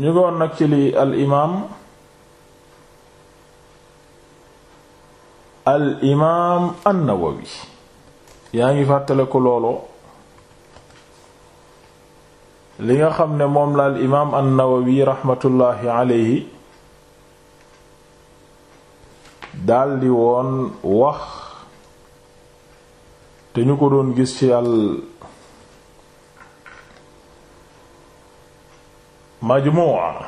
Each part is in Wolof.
ñu ngi woon nag ci li al imaam al imaam an-Nawawi yaa ngi fàttale ko loolu li nga xam ne moom la al imaam an-Nawawi raxmatullaahi alayhi daldi woon wax te ñu ko doon gis ci al majmuwa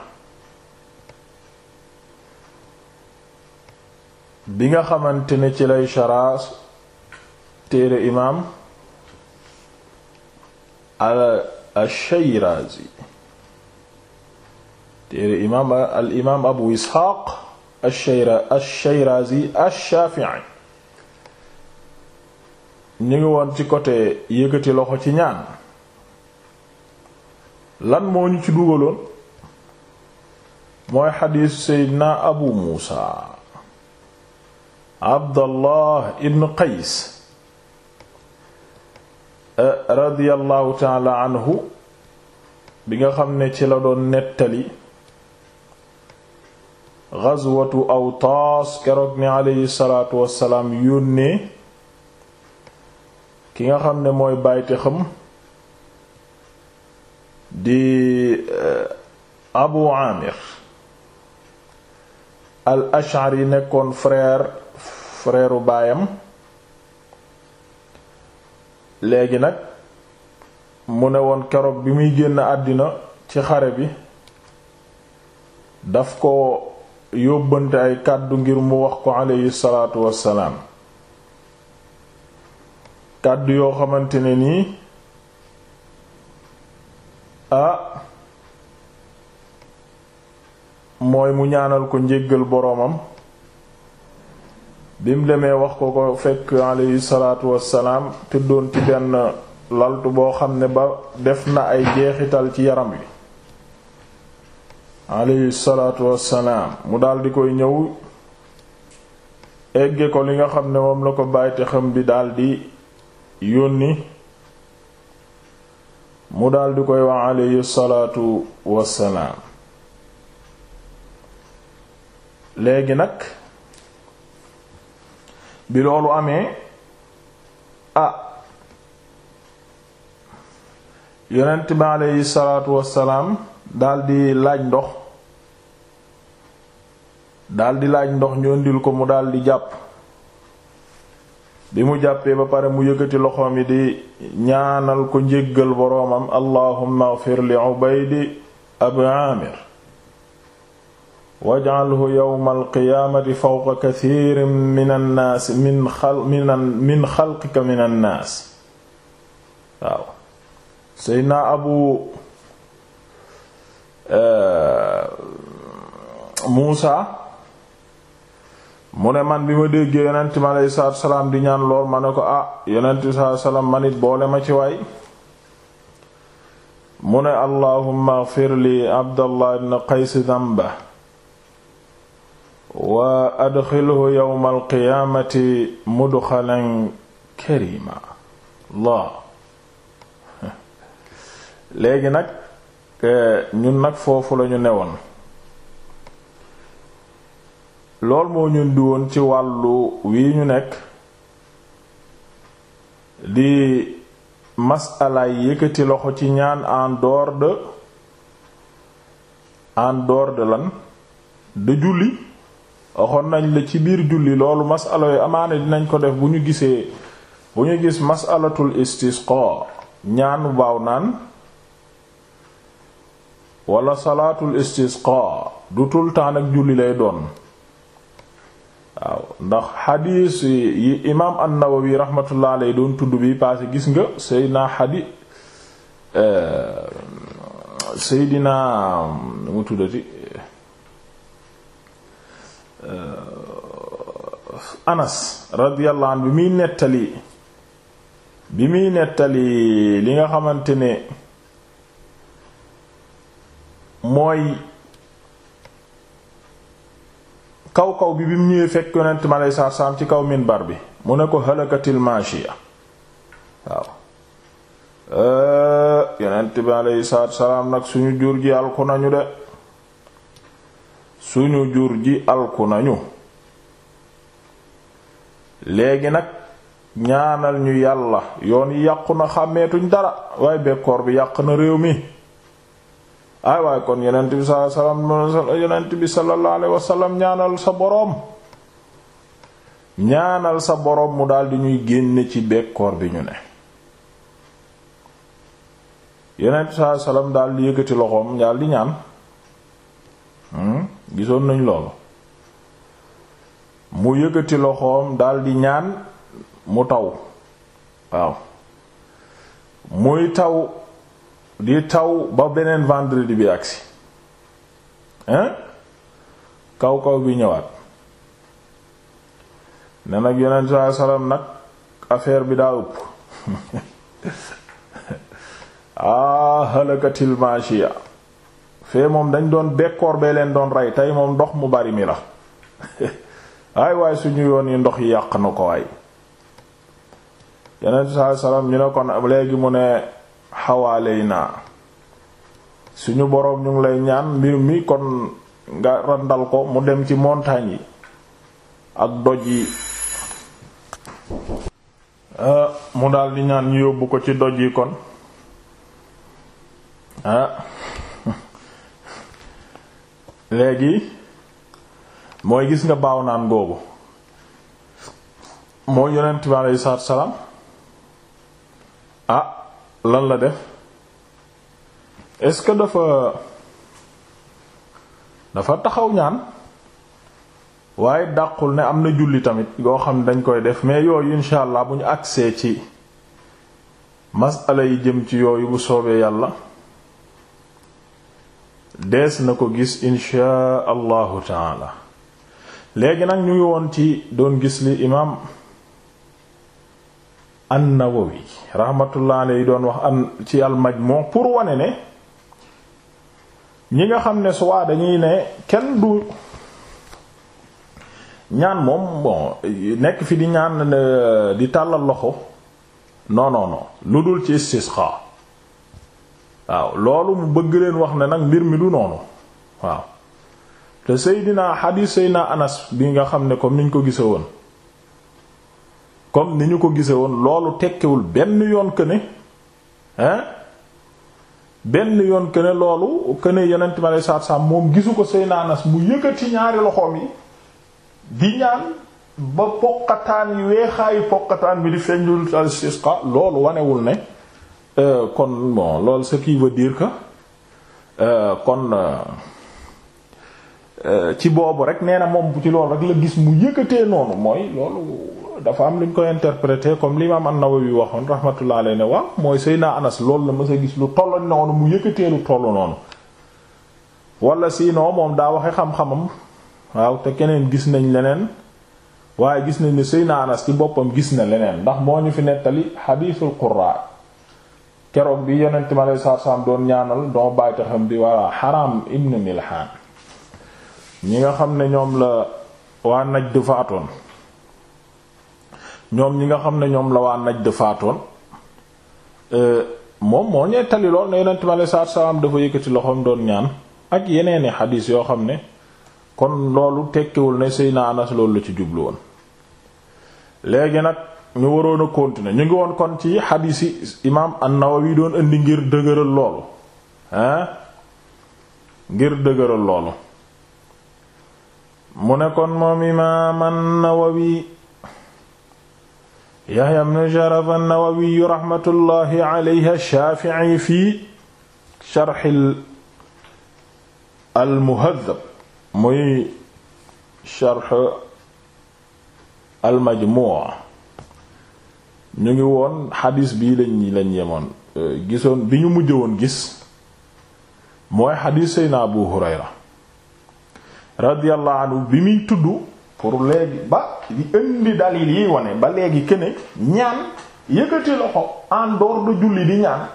bi nga xamante ne ci lay sharaas téere imaam al Shayrazi téere imaam al imaam Abu Isxaaq ash-Shayrazi ash-Shaafi'i ñu ngi woon ci côté yëkkati loxo ci ñaan lan moo ñu ci dugaloon mooy xadiisu seydina abu muusa abdallah ibn qays eh, radiyallahu taala anhu bi nga xam ne ci la doon nettali gazwatu awtaas keroog ni aleyhi salaatu wassalaam yónnee ki nga xam ne mooy bayte xam di eh, abu amir al ashari nekkoon frère frère baayam léegi nag mu ne woon keroog bi muy génn àddina ci xare bi daf ko yóbbante ay kàddu ngir mu wax ko aleyhi salaatu wassalaam kàddu yoo xamante ne nii mooy mu ñaanal ko njéggal boroomam bim mu demee wax ko ko fekk alayhi salaatu wassalaam tëddoon ci benn laltu boo xam ne ba def na ay jeexital ci yaram wi alayhi salaatu wassalaam mu daldi koy ñëw egge ko li nga xam ne moom la ko bàyyite xam bi daldi yónni mu daldi koy wax aleyhi salaatu wassalaam léegi nag bi loolu amee ah yonent bi aleyhi salaatu wassalaam daldi laaj ndox daldi laaj ndox ñu indil ko mu daldi jàpp bi mu jàppee ba pare mu yëkkati loxoom yi di ñaanal ko njéggal boroomam allahumma ighfir li ubaydi abu aamir waj'alhu yawma alqiyaamati fawqa kathirin min annaas min xal min xalqika seydna abu eh, muusa mu ne man bi ma déggee yonent mi aleyhi salaatu salaam di ñaan lool ma ne ko ah yonent mi salaatu salaam man it boole ma ci waay mu ne allahumma ighfir li abdallah ibn qays dhanba wa adxilhu yawmal qiyaamati mudxalan karima Allah léegi nag eh, ñun nag foofu lañu woon lool moo ñun ci wàllu wi ñu nekk di masalaay yëkkati loxo ci ñaan en dehors de en dehors de lan de julli waxoon nañ la ci biir julli loolu masala yu dinañ ko def bu ñu gisee bu ñu gis masalatul istisqa ñaan baaw naan wala salaatul istisqa du tout le temps nag julli lay doon waaw ndax xadiis yi imaam an-Nawawi rahmatullah alayhi doon tudd bi passé gis nga Seydina xadi eh, Seydina mu tuddati eh, Anas radiyallahu anhu bi muy nettali bi muy nettali li nga xamante ne mooy kaw kaw bi bi mu ñëwee fekk yonent mi aleyhi salaatu salaam ci kaw minbar bi mu ne ko halakatil maashiya waaw euh, yonent bi aleyhi sa salaam nag suñu jur ji alku nañu de suñu jur ji alku nañu léegi nag ñaanal ñu yàlla yoon yi yàqu na xàmmeetuñ dara waaye bekkoor bi yàq na réew mi ay waaye kon yonent bi sa salaam yonent bi sallallahu alayhi sa boroom ñaanal sa boroom mu daldi ñuy génne ci bekkoor bi ñu ne yonent bi sa salaam daldi yëkkati loxoom daldi ñaan hmm? gisoon nañ loolu mu yëkkati loxoom daldi ñaan mu taw waaw muy taw di taw ba beneen vendredi bi agsi hein kaw kaw bi ñëwaat ne nag yonent saa salaam nag affaire bi daa ëpp ah halakatil maashiya fee moom dañ doon bekkoor bee leen doon rey tey moom ndox mu bari mi la ay waaye suñu yoon yi ndox yi yàq na ko waay yonent saa salaam ñu ne kon léegi mu ne xawaaleyna suñu boroom ñu ngi lay ñaan mbir mi kon nga randal ko mu dem ci montagne yi ak doj yi ah, mu daldi ñaan ñu yóbbu ko ci doj yi kon ah. léegi mooy gis nga baaw naan googu mooy yonent bi aleyhi salaam ah lan la def est-ce que dafa dafa taxaw ñaan waaye dàqul ne am na julli tamit goo xam ne dañ koy def mais yooyu insha allah bu ñu agsee ci masala yi jëm ci yooyu bu soobee yàlla des na ko gis insha allahu taala léegi nag ñu ngi ci doon gis li imaam an-Nawawi rahmatullah alayhi doon wax am ci al moom pour wane ne ñi nga xam ne soit dañuy ne kenn du ñaan moom bon nekk fi di ñaan euh, di tàllal loxo non lu dul ci istisqa waaw loolu mu bëgg leen wax ne nag mbir mi du noonu waaw te Seydina sëy naa Anas bi nga xam ne comme niñ ko gisa woon comme ni ñu ko gise woon loolu tekkewul benn yoon que benn yoon que loolu que ne yonent mi aleyhi salaatu moom gisu ko Seydina Anas mu yëkkati ñaari loxoom yi di ñaan ba poqataan yi weexaayu poqataan bi di feeñul al-istisqa loolu wanewul ne euh, kon bon loolu ce qui veut dire euh, kon euh, ci boobu rek nee na moom ci loolu rek la gis mu yëkkatee noonu mooy loolu dafa am luñ koy interpréter comme l'imam an-Nawawi waxoon rahmatullah alayhi ne waaw mooy Seydina Anas loolu la mës a gis lu tollu noonu mu yëkkatee lu tollu noonu wala sinon moom daa waxe xam-xamam waaw te keneen gis nañ leneen waaye gis nañ ne Seydina Anas ci boppam gis na leneen ndax moo ñu fi nettali xadiisul qurra keroog bi yonent mi alayhi salaatu salaam doon ñaanal doo bàyyi xam bi walla Haram ibn Milhan ñi nga xam ne ñoom la waa Najd faatoon ñoom ñi nga xam ne ñoom la waa Najd faatoon euh, moom moo ñettali lool ne yonent mi aleyhi salaatu salaam dafa yëkkati loxoom doon ñaan ak yeneeni xadiis yoo xam ne kon loolu tekkiwul ne Seydina Anas loolu la ci jublu woon léegi nag ñu waroon a ñu ngi woon kon ci xadiis yi imaam An-Nawawi doon indi ngir dëgërël loolu hein ngir dëgëral loolu mu ne kon moom imaam An-Nawawi Yahya ibn Sharaf an-Nawawi rahmatullahi alayhi ash-Shafi'i fi sharh al-Muhadhab muy sharh al-Majmu' ñu ngi woon xadis bii lañ lañ yemoon gisoon bi ñu mujj woon gis mooy xadis Seydina Abu Hurayra radiyallahu anhu bi muy tudd pour léegi ba di indi dalil yi wane ba léegi kene ñaan yëkkati loxo en dehors de julli di ñaan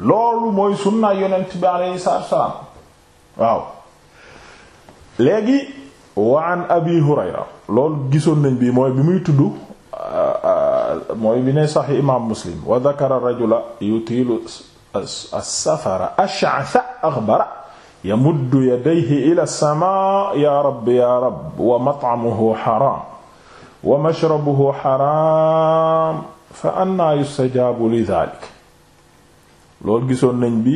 loolu mooy sunna yonent bi alayhi salaatu wassalaam waaw léegi wa abi hurayra loolu gisoon nañ bi mooy bi muy tudd euh, mooy bi ne sax imaam muslim wa dhakara rajula yutilu as-safara ash'atha aghbara yamuddu yadayhi ila samaa ya rab ya rab wa mat'amuhu haram wa mashrabuhu haram fa anna yustajaabu li dhalik loolu gisoon nañ bi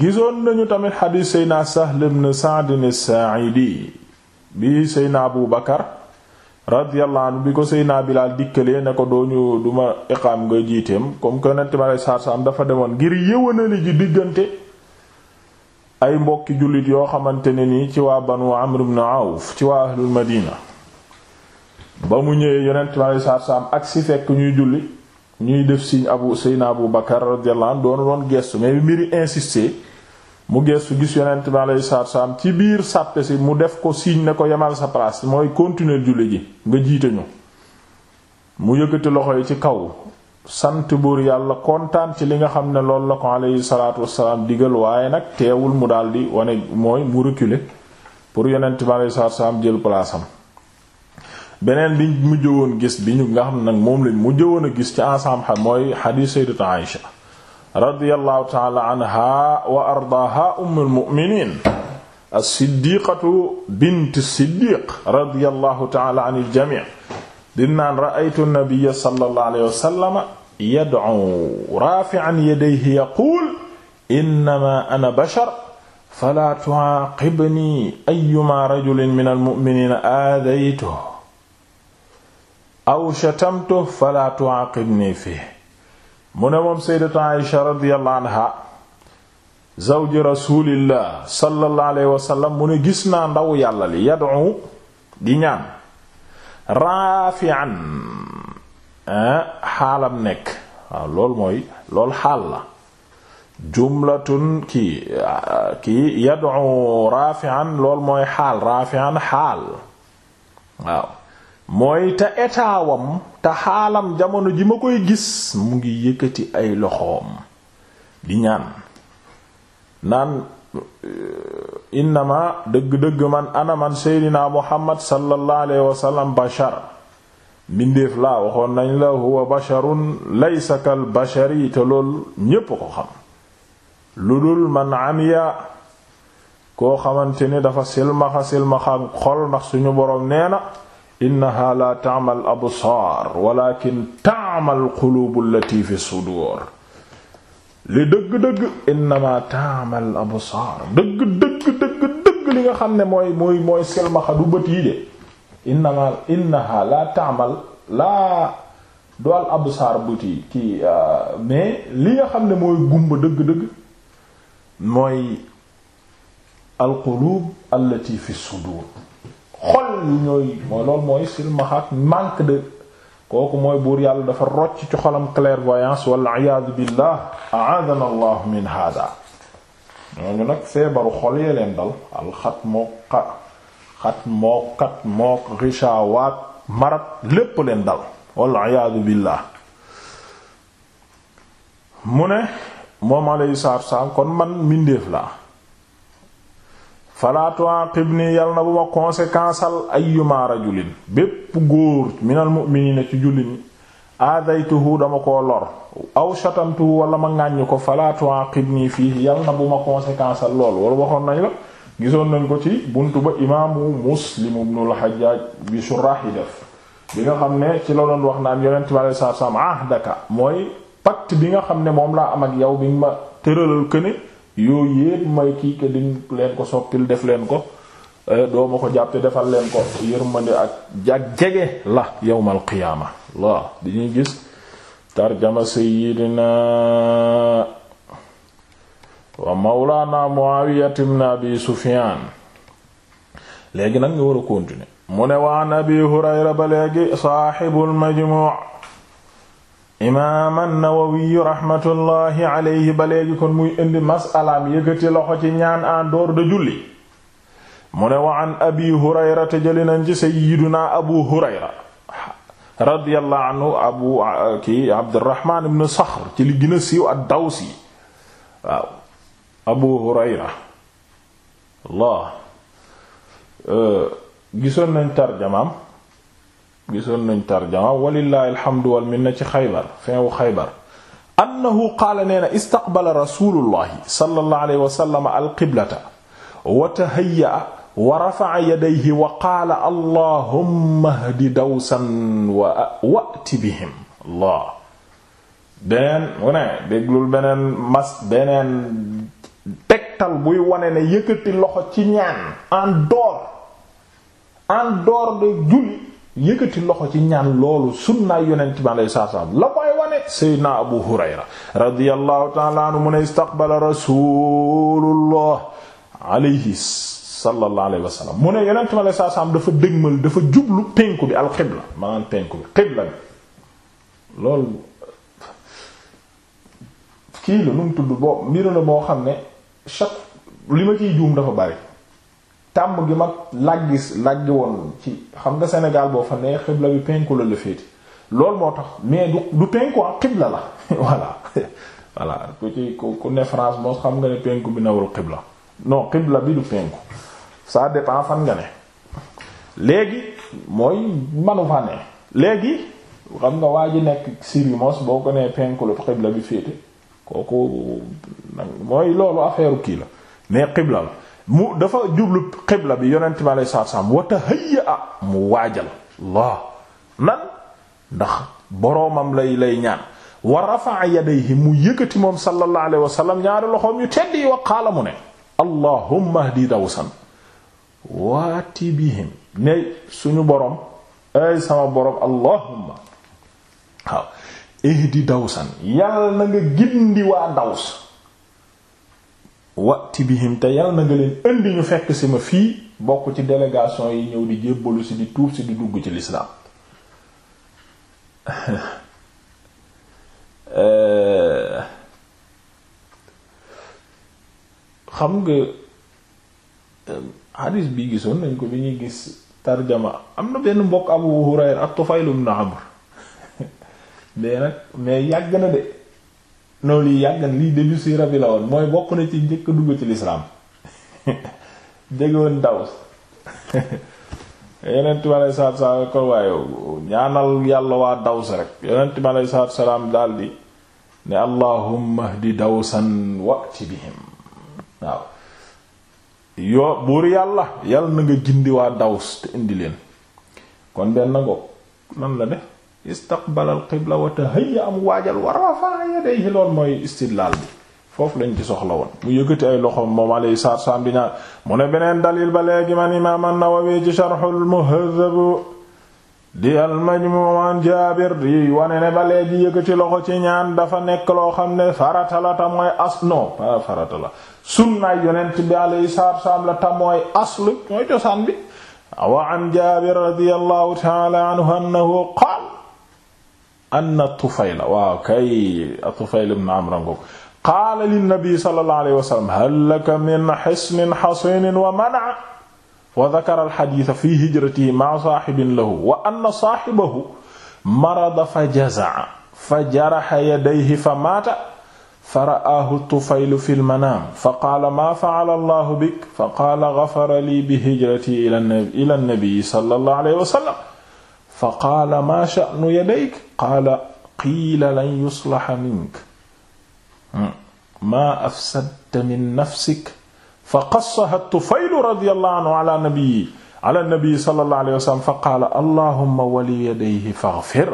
gisoon nañu tamit xadiis seydna Sahl ibn Sa'd as-Saa'idi bi seydna Abu Bakar radiyallahu anhu bi ko seydna Bilaal dikkalee ne ko dooñu duma iqaam nga jiiteem comme que Yonent bi sallallahu alayhi dafa demoon ngir yëwanali ji diggante ay mbokki jullit yoo xamante ne nii ci waa banu Amr ibn Awf ci waa ahlul Madina ba mu ñëwee yonent mi alayhi salaatu ak si fekk ñuy julli ñuy def signe abu seyna abu bakar radiyallahu anhu doonu doon gestu mais bi mbiri insister mu gestu gis yonent mi alayhi salaatu ci biir sàppe si mu def ko siiñ ne ko yemal sa place mooy continuer julli ji nga jiite mu yëkkati loxo yi ci kaw sant buur yàlla kontaan ci li nga xam ne lool la ko alayhi salaatu wassalaam digal waaye nag teewul mu daldi wane mooy mu reculer pour yonent bi alayhi salaatu wassalaam jël place beneen bi mujj woon gis bi ñu nga xam ne nag moom lañ mu jëwoon a gis ci ensemble xam mooy xadiis sayyidatu Aïsha radiyallahu ta'ala anha wa ardaaha ummul mu'minin as-siddiqatu bint as-siddiq radiyallahu ta'ala anil jami' bi mu naan ra'aytu nabiyya sallallahu alayhi wa sallam yad'u rafi'an yadayhi yaqul innama ana bashar fala tu'aqibni ayyuma rajulin minal mu'minina aadaytuhu aw shatamtuhu fala tu'aqibni fihi mu ne moom sayyidatu Aisha radiyallahu anha zawji rasulillah sallallahu alayhi wa sallam mu ne gis naa ndaw yàlla li yad'u di ñaan raafi'an eh, xaalam nekk waaw loolu mooy loolu xaal la jumlatun ki eh, ki yad'u rafi'an lool mooy xaal rafi'an xaal waaw mooy te etaawam te xaalam jamono ji ma koy gis mu ngi yëkkati ay loxoom di ñaan naan innama dëgg-dëgg man ana man seydinaa muhammad sallallahu alayhi wasallam bashar mbindeef laa waxoon nañ la huwa basharun laysa kal bashari te lool ñépp ko xam lu dul man amiya koo xamante ni dafa silmaxa silmaxa xol ndax suñu boroom nee na innaha la ta'mal absar walakin ta'mal qulubu allati fi sudur li dëgg-dëgg innama taamal absaar dëgg dëgg dëgg dëgg li nga xam ne mooy mooy mooy silmaxa du bët yi de innama innaha la taamal laa du al absaar bët yi kii euh, mais li nga xam ne mooy gumba dëgg-dëgg mooy al qulub fi sudur xol yi ñooy mooy loolu mooy silmaxa ak manque de kooku mooy buur yàlla dafa rocc ci xolam clairvoyance wala iyaadu billah aadana allah min hada ñooñu nag feebaru xol yee leen dal alxat mook xat mook kat mook gishawaat marat lépp leen dal wala iyaadu billah mu ne moom alayhi salaatu wa kon man mbindeef laa falaa tuaqibni yal na bu ma conséquence al ayyuma rajulin bépp góor minal mu'minina ci julli jullit ñi aadaytuhu dama ko lor aw shatamtuhu wala ma ŋàññ ko falaa tuaqibni fii yal na bu ma conséquence lool wala waxoon nañ la gisoon nañ ko ci bunt ba imaamu muslim ibnul hajjaaj bi surah yi def bi nga xam ne ci la doon wax naan yonent bi alayhi salaam ahdaka mooy pacte bi nga xam ne moom laa am ak yow bi nga ma tëralal këne yooyu yépp may kii que diñ leen ko soppil def leen ko eh, doo ma ko jàpp defal leen ko yërmande ak jag jege la yawmal qiyaama la diñuy gis tarjama sayyidina wa mawlaana Muawiya ibn Abi Sufyaan léegi nag nga war a mu ne waan Abi Hurayra ba léegi saaxibul majmuu imaam an-Nawawi rahmatullahi alayhi ba léegi kon muy indi masalaam yëkkati loxo ci ñaan en dehors de julli mu ne wa an abi hurayra te jëli ci abu hurayra radiyallahu anhu abu ki li gën a siiw ad-dawsi waaw abu hurayra allah euh, gisoon nañ tarjamaam gisoon nañ tarjama walillahi alhamdu wal minna ci xaybar fin wu xaybar annahu qaala nee na istaqbala rasulullahi sallallahu alayhi wa sallam alqiblata wa tahayya wa rafa'a yadayhi wa qaala allahumma hdi dawsan wa wa'ti bihim allah beneen mu ne déglul beneen mas beneen tegtal buy wane ne yëkkati loxo ci ñaan en dehors en dehors de julli yëkkati loxo ci ñaan loolu sunnaay yonent bi alayhi salaam la koy wane seydina abu hurayra radiyallahu ta'ala anhu mu ne istaqbala rasulullah alayhi sallallahu alayhi wa sallam mu ne yonent bi alayhi salaam dafa dëgmal dafa jublu penku bi al qibla maanaam penku bi qibla bi loolu kii la nu mu tudd boo mbir la boo xam ne chaque li ma ciy juum dafa bari tàmm gi mag làggi làggi woon ci xam nga Sénégal boo fa nee xibla bi penku la la féeti loolu moo tax mais du du penku ak ah xibla la voilà voilà ku ci ku ne France moo xam nga ne penku bi nawul xibla non xibla bi du penku ça dépend fan nga ne léegi mooy manu fa ne léegi xam nga waa ji nekk Syrie mos boo ko nee penku la xibla bi féete kooku mooy loolu affaire kii la mais xibla la mu dafa jublu xibla bi yonent bi alayhi salaatu salaam wa tahayya mu waajal Allah nan ndax boroomam lay lay ñaan wa rafa'a yadayhi mu yëkkati moom sallallahu alayhi ñaari loxoom yu tedd yi wa qaala ne allahumma hdi dawsan waati bihim ne suñu boroom ay sama borom allahumma waaw ihdi dawsan yàlla na nga gindi waa daws wati bihim te yal na nga leen indi ñu fekk si ma fii bokk ci délégation yi ñëw di jébbalu si di tuub si di dugg ci lislaam euh, xam nga euh, hadis bi gisoon nañ ko bi ñuy gis tarjama am na benn mbokk Abu Hurayra ak Tufayl ibn Amr mais nag mais yàgg na de non lii yàggal lii début si rabi la woon mooy bokk na ci njëkk dugg ci lislaam jégoon Daws yonent bi aleyhi salaatu salaam ko waaye ñaanal yàlla waa Daws ne allahumma hdi dawsan wa'ti bihim waaw yoo buur yàlla yàlla na nga gindi waa Daws te indi leen kon benn ngoog nan la de istaqbala al qibla wa tahayya am waajal wa rafa'a yadayhi loolu mooy istidlaal bi foofu lañ ci soxla woon mu yëkkati ay loxoom moom alayhi salaatu salaam di ñaan mu ne beneen dalil ba léegi man imaam an-Nawawi ci sharhul muhazzab di al-majmu' Jaabir di wane ne ba léegi yëkkati loxo ci ñaan dafa nekk loo xam ne farata la ta mooy as non pas farata la sunnaay yonent bi alayhi salaatu salaam la ta mooy asl mooy cosaan bi wa an Jaabir radiyallahu ta'ala anhu annahu anna Tufayla waaw kay Tufayl ibn Amr ngoog qaala linnabi sallallahu alayhi wa sallam hal laka min hisnin hasinin wa mana' wa dhakara al-hadith fi hijratihi ma'a sahibin lahu wa anna sahibahu marada fa jaza'a fa jaraha yadayhi fa maata fara'aahu Tufaylu fil manaam faqaala maa fa'ala Allahu bik faqaala ghafara lii bi hijratii ila an-nabi sallallahu alayhi wa sallam fa qaala maa sha'nu yadayk qaala qiila lan yuslaha minka hmm. maa afsadta min nafsik fa qassaha Tufaylu radiyallahu anhu ala nabiyyi ala nabiyyi sallallahu alayhi wa sallam fa qaala allahumma wali yadayhi faghfir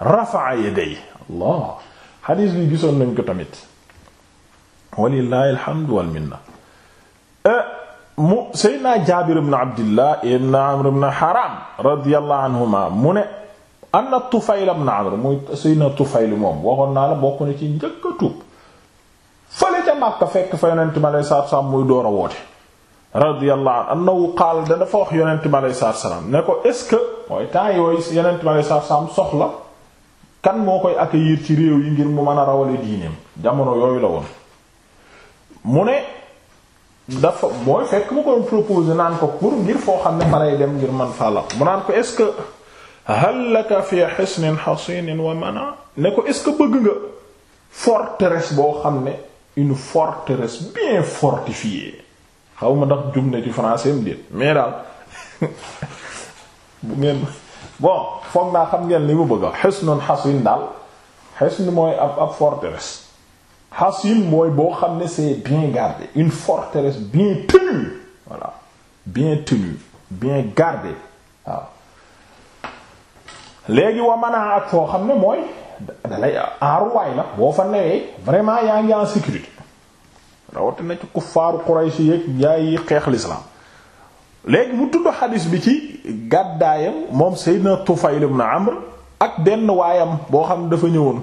rafa'a yadayhi allah xadiis bi gisoon nañ ko tamit walillahi alhamdu wal minna eh, mu seydna jaabir bne abdillah ibn amr bne haram radiallahu anhuma mu ne anna tufayl bne amr muy seydna tufayl moom waxoon naa la bokk na ci njëkk a tuub fële ca Makka fekk fa yonent mi aleyi salaatu muy door a woote radiallahu anhu dafa wax yonent mi aleyi ce que mooy temps yooyu yonent mi aleyi salaatu salaam soxla kan moo koy accueillir ci réew yi ngir mu mën a rawale diineem jamono yooyu la woon mu ne dafa mooy fekk mu ko doon naan ko pour ngir foo xam ne fa lay dem ngir man faa laq mu naan ko est-ce que hal laka fi hisnin hasinin wa mana ne ko est-ce que bëgg nga forteresse boo xam ne une forteresse bien fortifiée xaw ma ndax jub na ci français am déet mais daal bon foog naa xam ngeen li mu bëgg a hisnin daal hisn mooy ab ab forteresse hasim mooy boo xam ne c'est bien gardé une forteresse bien tenue voilà bien tenue bien gardée waaw léegi wa manaa ak foo xam ne mooy dalay aaruwaay la boo fa newee vraiment yaa ngi en sécurité na ci kuffaaru Quraysh yéeg yaay xeex l'islam léegi mu tudd xadis bi ci gàddaayam moom Seydina Tufayl ibn Amr ak benn waayam boo xam ne dafa ñëwoon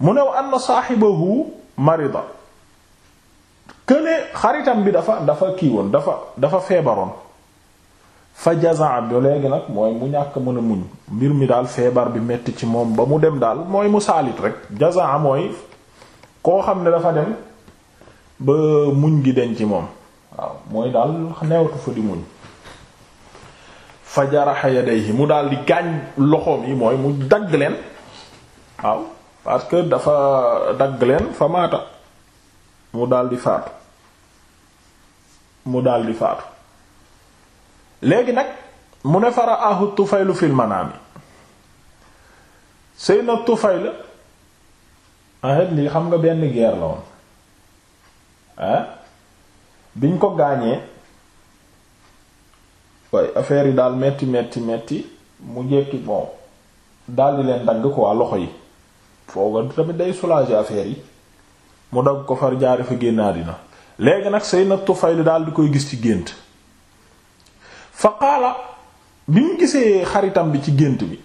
mu new ne wa anna saaxibahu marida këne xaritam bi dafa dafa kii woon dafa dafa feebaroon fa jazaa bi léegi nag mooy mu ñàkk mën a muñ mbir mi daal feebar bi metti ci moom ba mu dem daal mooy mu saalit rek jasan mooy koo xam ne dafa dem ba muñ gi den ci moom waaw mooy daal neewtu fa di muñ fa jaraxa yadayhi mu daal di gaañ loxoom yi mooy mu dagg leen waaw parce que dafa dagg leen fa maata mu daldi faatu mu daldi faatu léegi nag mu ne fara ahu tufaylu fil manaami sëy na tufayl ahet lii xam nga benn guerre la woon ah biñ ko gaañee way affaire yi daal metti metti metti mu jekki bon daldi leen dagg ko waa loxo yi fooga tamit day soulager affaire yi mu dagg ko far jaare fa génnaa dina léegi nag Seydina Tufayl daal di koy gis ci gént fa qaala bi mu gisee xaritam bi ci gént bi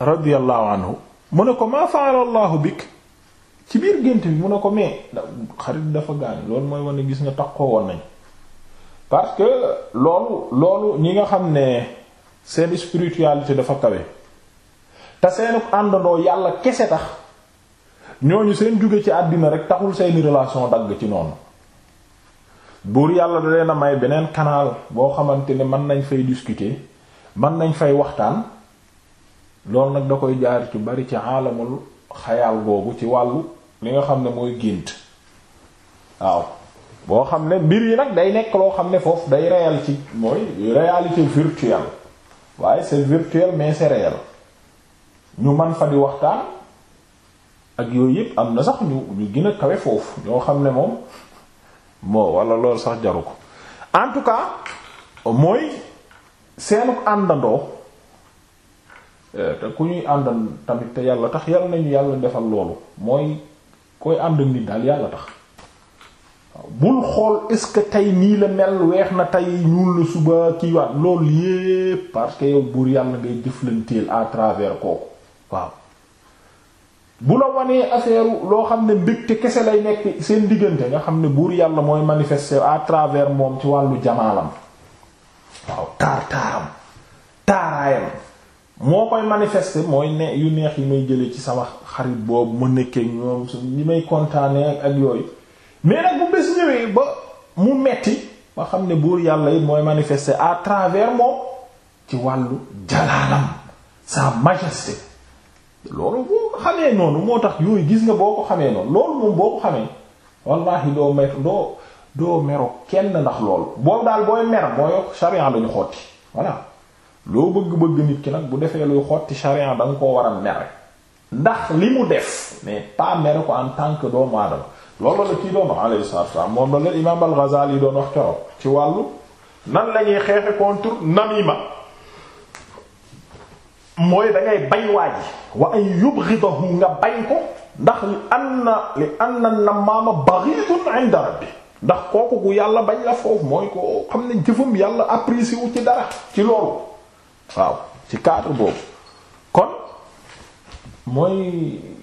radiyallahu anhu mu ne ko maa fa'ala Allahu bik ci biir gént bi mu ne ko mais xarit dafa gaañ loolu mooy wane gis nga takkoo woon nañ parce que loolu loolu ñi nga xam ne seen spiritualité dafa kawe te seenu àndandoo yàlla kese tax ñooñu seen jóge ci àddina rek taxul seeni relation dagg ci noonu buur yàlla da leen a may beneen canal boo xamante ne man nañ fay discuter man nañ fay waxtaan loolu nag da koy jaar ci bari ci aalamul xayaal googu ci wàllu li nga xam ne mooy gént waaw boo xam ne mbir yi nag day nekk loo xam ne foofu day reyal ci mooy réalité virtuelle waaye c'est virtuel mais c'est réel ñu man fa di waxtaan ak yooyu yëpp am na sax ñu ñu gën a kawe foofu ñoo xam ne moom moo wala lool sax jaru ko en tout cas mooy seenu àndandoo euh, te ku ñuy àndan tamit te yàlla tax yàlla nañu yàlla defal loolu mooy koy ànd nit daal yàlla tax waaw bul xool est ce que tey nii la mel weex na tey ñuul la suba kii waat loolu yépp parce que yow buur yàlla ngay jëflanteel à travers kooku waaw bu la wanee affaire loo xam ne mbégte kese lay nekk seen diggante nga xam ne buur yàlla mooy manifester à travers moom ci wàllu jamaalam waaw taar taaram taaraayam moo mooy ne yu neex yi may jëlee ci sama xarit boobu ma nekkee ñi may kontaanee ak yooyu mais nag metti ba xam ne buur yàlla mooy manifester à travers moom ci wàllu jalaalam sa majesté loolu boo ko xamee noonu moo tax yooyu gis nga boo ko xamee noonu loolu moom boo ko xamee wallahi doo mer doo doo mero kenn ndax loolu boobu daal booy mer mooy sharia lañu xotti voilà loo bëgg-bëgg nit ki nag bu defee luy xotti sharia da nga koo war a mere ndax li mu def mais pas mere ko en tant que doomu aadama loolu la kii doon alayhi salaatu wa salaam moom la leen imaam al-Ghazali doon wax keroog ci wàllu nan la ñuy xeexe contre namima mooy dangay ngay bañ waa ji wa an yubghidahu nga bañ ko ndax li anna li anna namaama baghidun 'inda rabbi ndax kooku gu yàlla bañ la foofu mooy ko xam ne jëfam yàlla apprécié wu ci dara ci loolu waaw ci cadre boobu kon mooy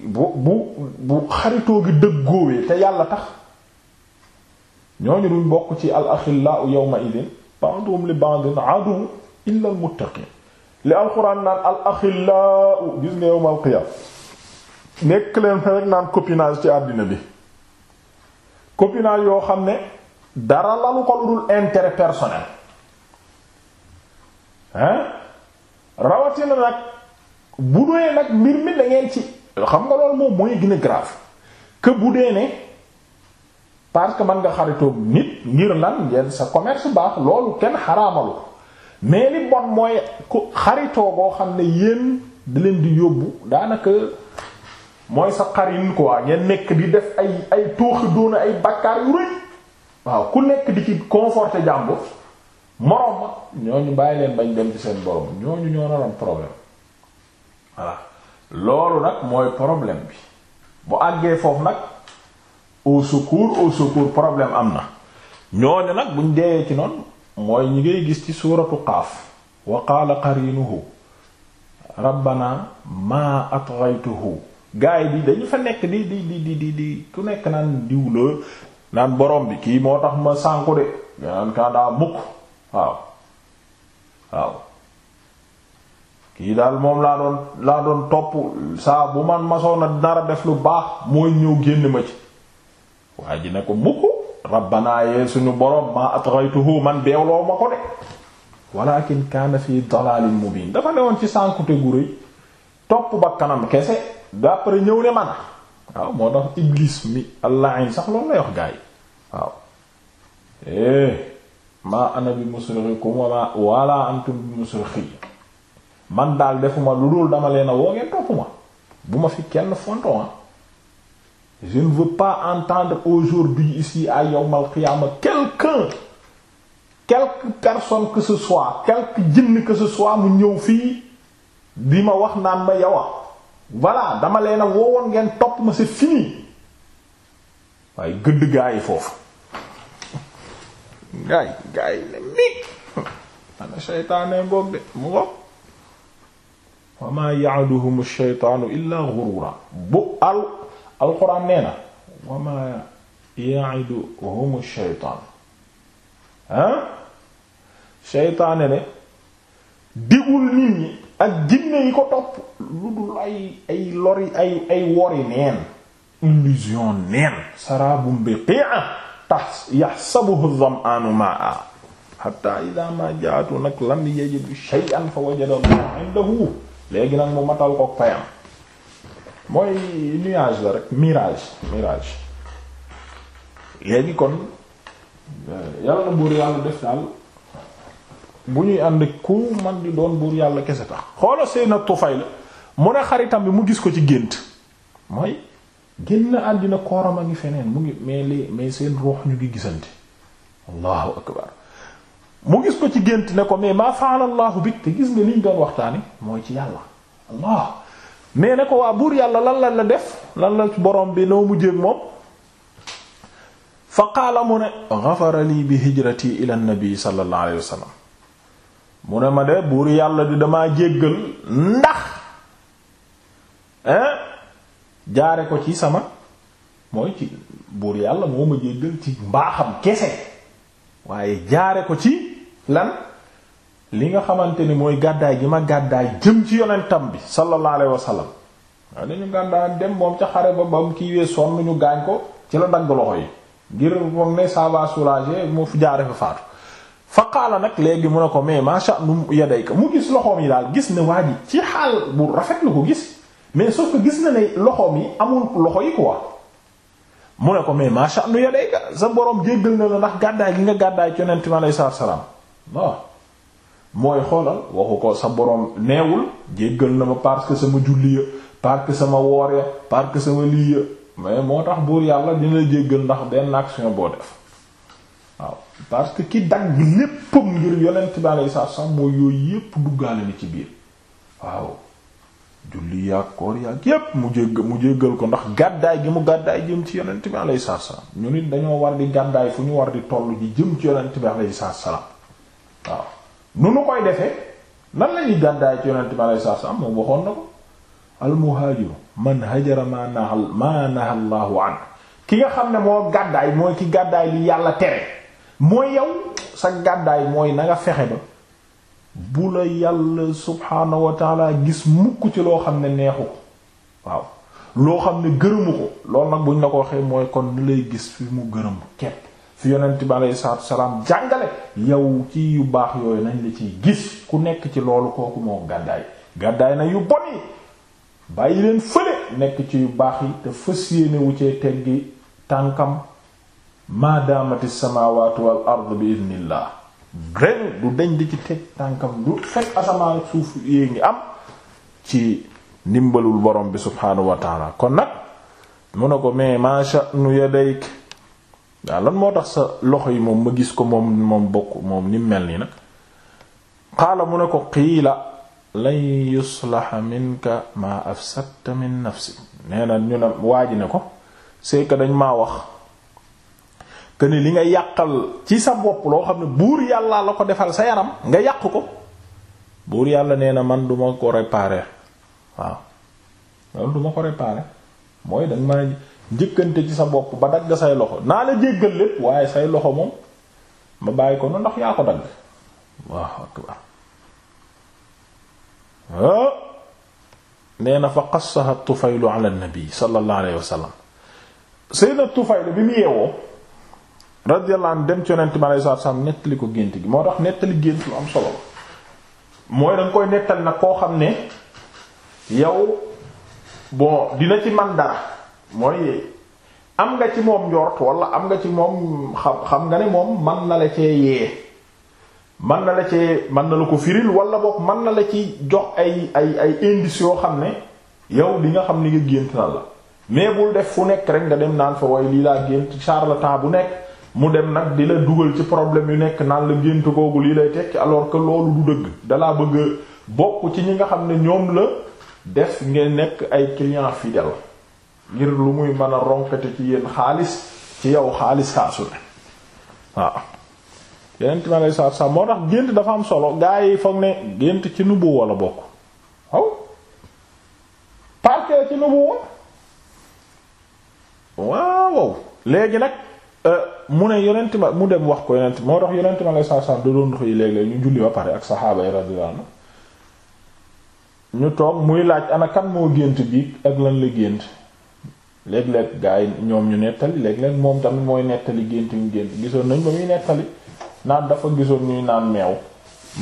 bu bu bu xaritoo gi dëggoowee te yàlla tax ñooñu duñ bokk ci al akhillau yawma idin ba'dhum li ba'din adu illa al li alxuraan naan al axillaa gis nga yawmal qiyaam nekk leen fa rek naan copinage ci àddina bi copinage yoo xam ne dara lalu ko lu dul intérêt personnel hein rawatina nag bu dee nag mbir mi da ngeen ci xam nga loolu moom mooy gën a grave que bu dee ne parce que mën nga xaritoog nit ngir lan yenn sa commerce baax loolu kenn xaraamalu mais li bon mooy ku xaritoo boo xam ne yéen di leen di yóbbu daanaka mooy sa xarin quoi ngeen nekk di def ay ay tooxi doona ay bakkaar yu rëy waaw ku nekk di ci conforté jàmbur moroom ma ñooñu bàyyi leen bañ dem ci seen borom ñooñu ñoo naroon problème voilà loolu nag mooy problème bi bu àggee foofu nag au secours au problème am na ñooñu nag buñ deeyee ci noonu mooy ñi ngay gis ci suuratu qaaf wa qaala qarinuhu rabbana maa atghaytuhu gaay bi dañu fa nekk di di di di di ku nekk naan diw la naan borom bi kii moo tax ma sànku de nga naan kaa mukk waaw waaw kii daal moom laa doon laa doon topp saa bu man masoon a dara def lu baax mooy ñëw génn ma ci waa ji ne ko mukk rabbanaa yee suñu borom maa atghaytuhu man beewloo ma ko de walakin kaana fi dalalin mubin dafa newoon ci sànkute gu rëy topp ba kanam kese d'après ñëw ne man waaw moo tax iblis mi allahin sax loolu lay wax gaa yi waaw eh maa ana bi musrixikum wala wala antum bi musrixi man daal defuma lu dul dama leen a woo ngeen topp ma bu ma fi kenn fonto ah. je ne veux pas entendre aujourd'hui ici à yawmal qiyama quelqu'un quelque personne que ce soit quelque jinn que ce soit mu ñëw fii bi ma wax naan ma yawa voilà dama leen a ngeen topp ma c'est fini waaye gëdd gaa yi foofu gaa yi gaa yi ne mi ana de mu ngoog wa ma ya'duhum ash-shaytaanu illa bu al alquran nee na wama ya'idu humu shaytaan ah shaytaane ne digul nit ñi ak jinne yi ko topp lu dul ay ay lori ay ay wori neen illusion neen sarabum biqi'a tax yaxsabuhu dham'anu ma'a hatta idha ma ja'atu nag lam yajid shay'an fa wajada 'indahu léegi nag mu matal ko payam mooy nuage la rek mirage mirage léegi kon euh, yàlla na buur yàlla def daal bu ñuy ànd ku man di doon buur yàlla kese tax xoola Seydina Tufayl mu ne xaritam bi mu gis ko ci gént mooy génn àddina kooram a ngi feneen mu ngi mais lii mais seen ruux ñu ngi gisante allahu akbar mu gis ko ci gént ne ko mais ma fa'ala te gis nga liñ doon waxtaani mooy ci yàlla allah mais ne ko waa buur yàlla lan la la def lan la borom bi noo mujjee moom fa qaala mu ne ghafara lii bi hijrati ila nabi sallallahu alayhi wasallam mu ne ma de buur yàlla di damaa jéggal ndax hein jaare ko ci sama mooy ci buur yàlla moo ma jéggal ci mbaaxam kese waaye jaare ko ci lan li nga xamante ni mooy gàddaay gi ma gàddaay jëm ci yonentam bi sallallahu alayhi wa sallam waaw dañu gàddaay dem moom ca xare ba ba mu kiiwee sonn ñu gaañ ko ci la dagg loxo yi ngir moom ne ça va soulager mu fi jaare fa faatu fa qaala nag léegi mu ne ko mais ma sha'nu yadayka mu gis loxoom yi daal gis ne waa ji ci xaal bu rafet lu ko gis mais sauf que gis na ne loxoom yi amul loxo yi quoi mu ne ko mais ma sha'nu yadayka sa borom jéggal na la ndax gàddaay gi nga gàddaay ci yonent bi alayhi salaam mooy xoolal waxu ko sa boroom neewul jéggal na ma parce que sama julli ya parce que sama woor ya parce que sama lii ya mais moo tax buur yàlla dina la jéggal ndax benn action boo def waaw parce que ki dagg léppam ngir yonent bi aleyhi salaatu salaam mooy yooyu yépp duggaale ni ci biir waaw julli yaag koor yaag yépp mu jégg mu jéggal ko ndax gàddaay gi mu gàddaay jëm ci yonent bi aleyhi salaatu salaam ñu nit dañoo war di gàddaay fu ñu war di tollu ji jëm ci yonent bi aleyhi salaatu salaam waaw nu nu koy defee lan la ñuy gàddaay ci yonent bi alayhi salaam moom waxoon na ko al muhaajiru man hajara maa ki nga xam ne moo gàddaay mooy ki gàddaay li yàlla tere mooy yow sa gàddaay mooy na nga fexe ba bu la yàlla subhaanahu wa gis mukk ci loo xam ne neexu ko waaw loo xam ne gërëmu ko loolu nag buñ la ko waxee mooy kon ni lay gis fi mu gërëm kepp fi yonent bi aleyhi salaatu salaam jàngale yow ci yu baax yooyu nañ la ciy gis ku nekk ci loolu kooku moo gàddaay gàddaay na yu bon yi bàyyi leen fële nekk ci yu baax yi te fës yéene wu cee teggi tànkam maadaamati samaawaatu wal bi idnillah ren du deñ di ci teg tànkam du fekk asamaan suuf yee ngi am ci ndimbalul borom bi subhaanahu kon nag mu ne ko mais ma sha'nu yadayk waaw lan moo tax sa loxo yi moom ma gis ko moom moom bokk moom ni mel nii nag qaala mu ne ko qiila lan yuslaha minka maa afsadta min nafsi nee na ñu ne waaji ne ko c'est que dañ maa wax que ni li nga yàqal ci sa bopp loo xam ne buur yàlla la ko defal sa yaram nga yàq ko buur yàlla nee na man duma ko réparer waaw man duma ko réparer mooy dañ ma njëkkante ci sa bopp ba dagg say loxo naa la jéggal lépp waaye say loxo moom ma bàyyi ko noonu ndax yaa ko dagg waaw akbar ah. nee na fa qassaha tufaylu ala nabi sallallahu alayhi wa sallam sayyidna tufaylu bi mu yeewoo radiyallahu anhu dem ci yonent bi alayhi ko gént gi moo tax nettali gént lu am solo mooy danga koy nettali nag koo xam ne yow bon dina ci man dara mooy am nga ci moom njort wala am nga ci moom xam xam nga ne moom man na la cee yee man na la cee man na la ko firil wala boog man na la ci jox ay ay ay indice yoo xam ne yow li nga xam ni nga gént na la mais bul def fu nekk rek nga dem naan fa way lii laa gént temps bu nekk mu dem nag di la dugal ci problème yu nekk naan la gént googu lii lay tekki alors que loolu du dëgg dalaa bëgg bokk ci ñi nga xam ne ñoom la def ngeen nekk ay client fidèle ngir lu muy mën a ronkate ci yéen xaalis ci yow xaalis kaasu ne waaw yeneen time alay saab saab moo tax gént dafa am solo gaa yi foog ne gént ci nubu wala bokk waaw parce que ci nubu waaw léegi nag euh, mu ne yonent ma mu dem wax ko yonent moo tax yonent ma lay saasaan du doon xëy léeg-léeg ñu julli ba pare ak saxaaba yi radiyallahu anhu ñu toog muy laaj ana kan moo gént bi ak lan la gént léeg-léeg gaa yi ñoom ñu nettali léeg-léeg moom tamit mooy nettali gént ñu gént gisoon nañ ba muy nettali naan dafa gisoon ñuy naan meew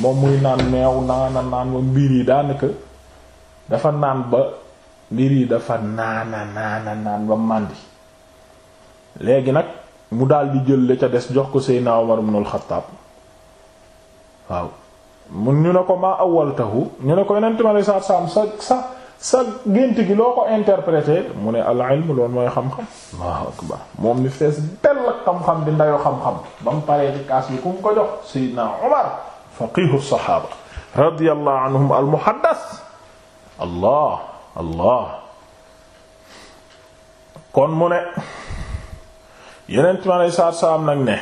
moom muy naan meew naana naan ba mbir yi daanaka dafa naan ba mbir yi dafa naana naana naan ba màndi léegi nag mu dal di jël la ca des jox ko Seydina Umar ibn al-Khattab waaw mun ñu ne ko maa awaltahu ñu ne ko yeneen ma lay sa sa gént gi loo ko interprété mu ne al ilm loolu mooy xam-xam Allahu akbar moom ni fees dell ak xam-xam di ndayo xam-xam ba mu paree ci kaas bi ku mu ko jox Seydina Umar faqihu sahaaba radiyallahu anhum al muhaddas allah allah kon mu ne yeneen mi alei saatu salaam nag ne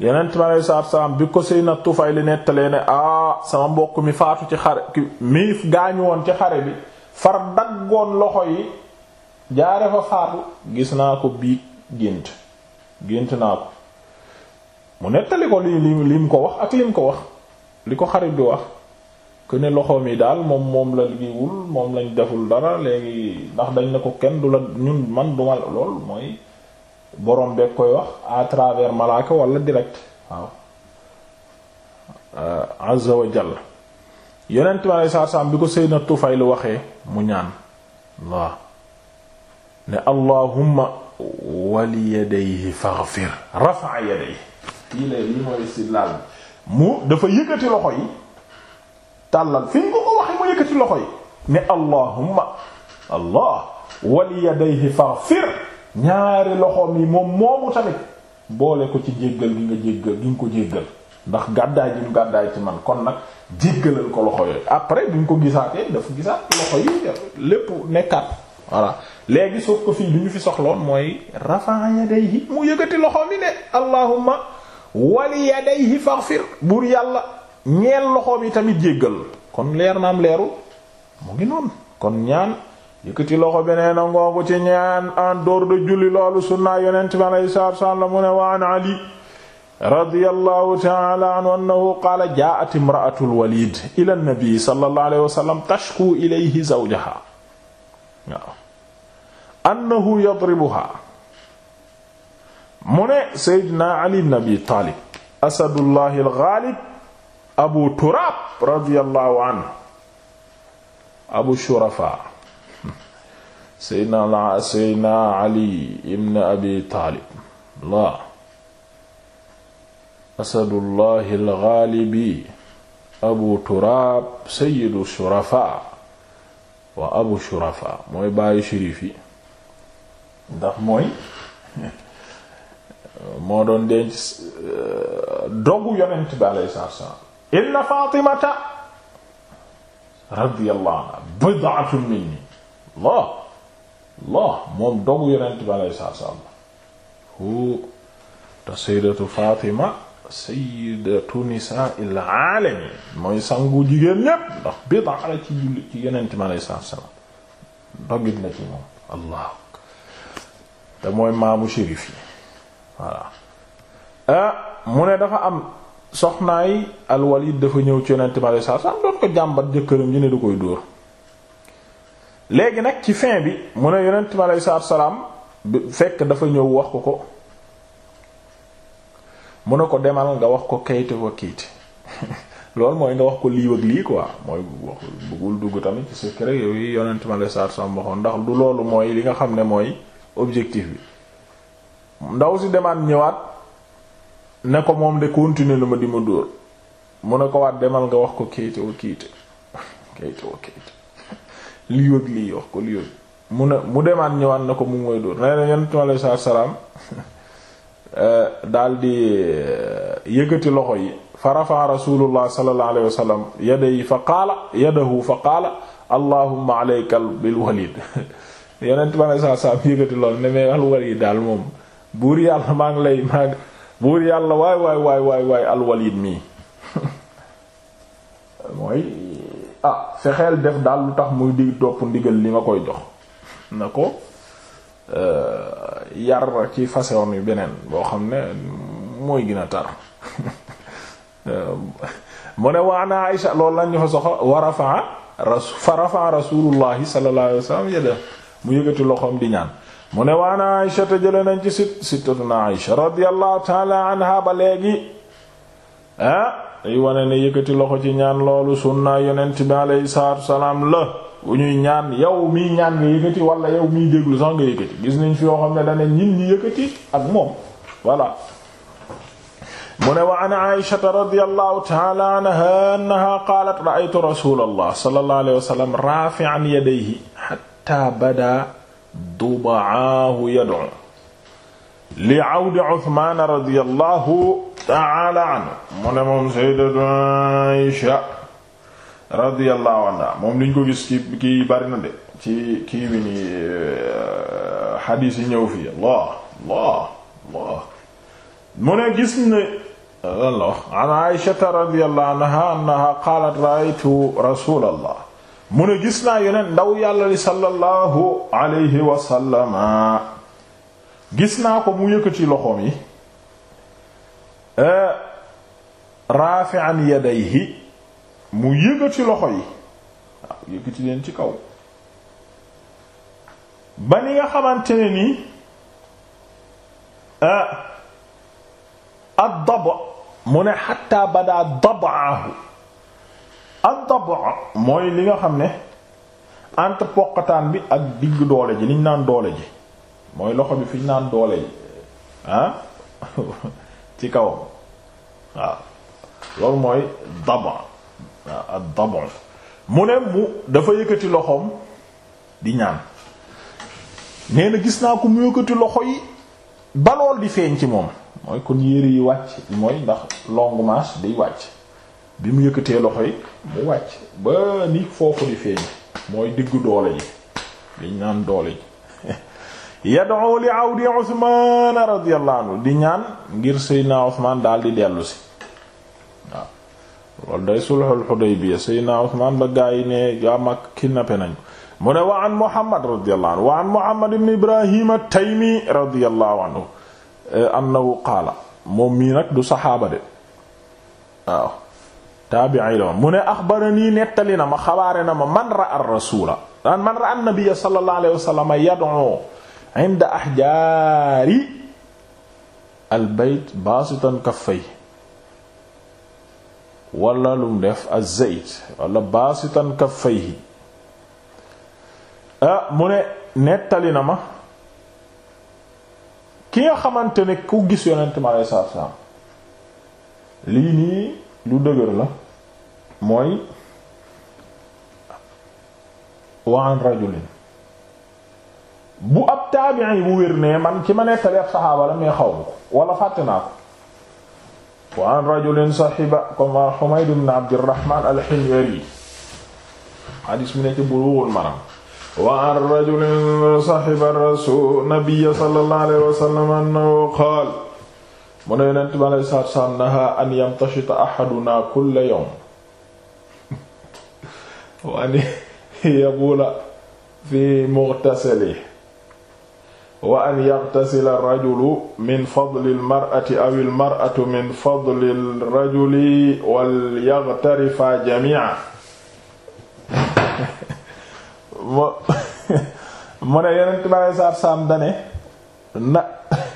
yeneen mi alei saatu salaam bi ko Seydina Tufayli nettalee ne a ah, ah sama mbokk mi faatu ci xare mi gaañuwoon woon ci xare bi far daggoon loxo yi jaare fa faatu gis naa ko biig gént gént naa ko mu nettali ko li li lim ko wax ak lim ko wax li ko xarit bi wax ku ne loxo mi daal moom moom la liggéeyul moom lañ deful dara léegi ndax dañ ne ko kenn du la ñun man duma lool mooy boroom beeg koy wax à travers malaaka wala direct waaw Euh, azza wa jalla yonent saa alei satu salaam bi ko Seydina Tufayl waxee mu ne allahumma wali yadayhi faghfir rafa'a yadayhi kii la li mooy si laal mu dafa yëkkati loxo yi tàllal fi mu ko ko mu yëkkati loxo yi ne allahumma allah wali yadayhi faghfir ñaari loxoom yi moom moomu tamit boole ko ci jéggal gi nga jéggal gi nga ko jéggal ndax gàddaay ji mu gàddaay ci man kon nag jéggalal ko loxo yooyu après bi ñu ko gisaatee dafa gisaat loxo yi lépp nekkaat voilà léegi sauf ko fii li ñu fi soxloon mooy rafa'a yadayhi mu yëgati loxo mi ne allahumma wali fa faghfir buur yàlla ñeel loxo yi tamit jéggal kon leer na am leeru mu ngi noonu kon ñaan yëkkati loxo beneen a ngoogu ci ñaan en dehors de julli loolu sunna yonent bi alayhi salaatu wa salaam mu ne wa an Ali radiyallahu ta'ala anhu annahu qaala jaa'at imra'atu al-Walid ila an-nabi sallallahu alayhi wa sallam tashku ilayhi zawjaha waaw annahu yadribuha mu ne Seydina Ali ibn Abi Taalib asadullahi al-ghaalib Abu Turaab radiyallahu anhu Abu Shurafa Seydina Ali ibn Abi Taalib Allah asadullahi alxaalibi abu turaab sayidu shurafa wa abu shurafa mooy bàyyi shérif yi ndax mooy moo doon denc euh, dogu yonent bi alayhi salaatu wassalaam inna fatimata radiyallahu anha bid'atun minni allah allah moom dogu yonent bi alayhi salaatu wassalaam hu ta sayyidatu fatima sayyidatu nisaa'il aalamiin mooy sangu jigéen ñépp ndax bid'a la ci julli ci yonent mi alayhi salaatu salaam doggit la ci moom allah te mooy maamu shérif yi voilà ah, mu ne dafa am soxnaay alwalid dafa ñëw ci yonent mi salaam doon ko jàmbat jëkkëram ji ne du koy dóor léegi nag ci fin bi mu ne yonent mi alayhi salaatu salaam fekk dafa ñëw wax ko ko mu ne ko demal nga wax ko kayite ko kiiti loolu mooy nga wax ko lii ak lii quoi mooy wax bëggul dugg tamit ci secret yooyu yonent ma la saar sam waxoon ndax du loolu mooy li nga xam ne mooy objectif bi ndaw si demaan ñëwaat ne ko moom de continuer na ma di ma dóor mu ne ko waat demal nga wax ko kayite ko kiite kayite ko kiite lii wax ko lii mu ne mu demaan ñëwaat ne ko mu ngi mooy dóor nee na yonent saar salaam dal euh, daldi euh, yëkkati loxo yi fa rafa rasulullah sallallahu alayhi wa sallam yaday fa qaala yadahu fa qaala allahumma alayka bil walid yonent ne saa saa yëkkati daal moom buur yàlla maa ngi lay maa ngi buur yàlla waay waay waay waay waay alwalid mii mooy ah fexeel def daal lu tax muy di topp ndigal li ma koy dox na ko Euh, yar ci façon mi beneen boo xam ne mooy gën a tar euh, mu ne wa na Aïsha loolu lañ ñu fa soxla wa rafaa fa rafaa rasulullahi sallallahu alayhi mu yëgati loxoom di ñaan mu ne waa ana Aïsha te jële nañ ci sit sittatuna Aïsha radiyallahu taala anha ba léegi ah day wane ne yëkkati loxo ci ñaan loolu sunna yonent bi alayhi salaatu salaam la bu ñuy yow miy ñaan wala yow miy déglu sax nga yëkkati nañ fi yoo xam ne ta'ala anha qaalat ra'aytu rasulallah sallallahu alayhi wa sallam bada dubaahu yad'u li awdi Uthman radiyallahu ta'ala anhu mu ne moom sayyidatu Aisha radiyallahu anha moom niñ ko gis ci kii bari na de ci kii bi ni euh, xadiis ñëw fii allah allah allah mu ne gis ne lan an aishata radiyallahu anha annaha qaalat ra'aytu rasulallah mu ne gis naa yonent ndaw yàlla li sallallahu alayhi wasallama gis naa ko mu yëkkati loxoom yi rafi'an yadayhi mu ci loxo yi waaw yëgati leen ci kaw ba ni nga xamante ne nii ah, ad-dab mu ne xatta badaa dabaahu ad-dab mooy li nga xam ne entre poqataan bi ak digg doole ji liñ naan doole ji mooy loxo bi fiñ naan doole ji ah ci kawam waaw loolu mooy daba waaw euh, ad-dab' mu ne mu dafa yëkkati loxoom di ñaan nee na gis naa ko mu yëkkati loxo yi balool di feeñ ci moom mooy kon yére yi wàcc mooy ndax longue manche day wàcc bi mu yëkkatee loxo yi mu wàcc ba ni foofu di feeñ mooy diggu doole yi dañ naan doole yi yad'u li awdi Usmaan radiyallahu di ñaan ngir Seydina Usmaan daal di dellu si loolu day sulhul Hudaybiya Seydina Usmaan ba ne gaa mag kidnappé nañu wa an Muhammad radiyallahu anhu wa Muhammad ibn Ibrahim at-Taymi radiyallahu anhu annahu qaala moom mii nag du saxaaba de waaw taabi'i la mu ne axbaranii nettali na ma xabaare na ma man ra'a ar-rasuula man ra'a an-nabiyya sallallahu alayhi wa sallam yad'u 'inda ahjaari al-bayt baasitan kaffayhi wala lum def ak zayt wala baasitan kaffayhi ah mu ne nettali na ma ki nga xamante ne ku gis yonent mi alayhi salaatu salaam lii nii lu dëgër la mooy wa rajulin bu ab taabi'i bu wér ne man ki ma nettali ab saxaaba la mais xaw ma ko wala fàtte naa ko wa an rajulin sahiba comme wa Humayd ibn Abdirrahman al-Himyari xadis mi ne ci Bulughul Maram wa an rajulin sahiba rasul nabiyya sallallahu alayhi wa sallam annahu qaala mu ne yonent bi alayhi salaatu wa salaam nahaa an yamtashita ahaduna kulla yawm wa an yabula fi mughtasalihi wa an yaxtasila rajulu min fadli lmarati aw lmaratu min fadli rajuli wal yaxtarifa jamia mu ne yeneen baaye saar saam dane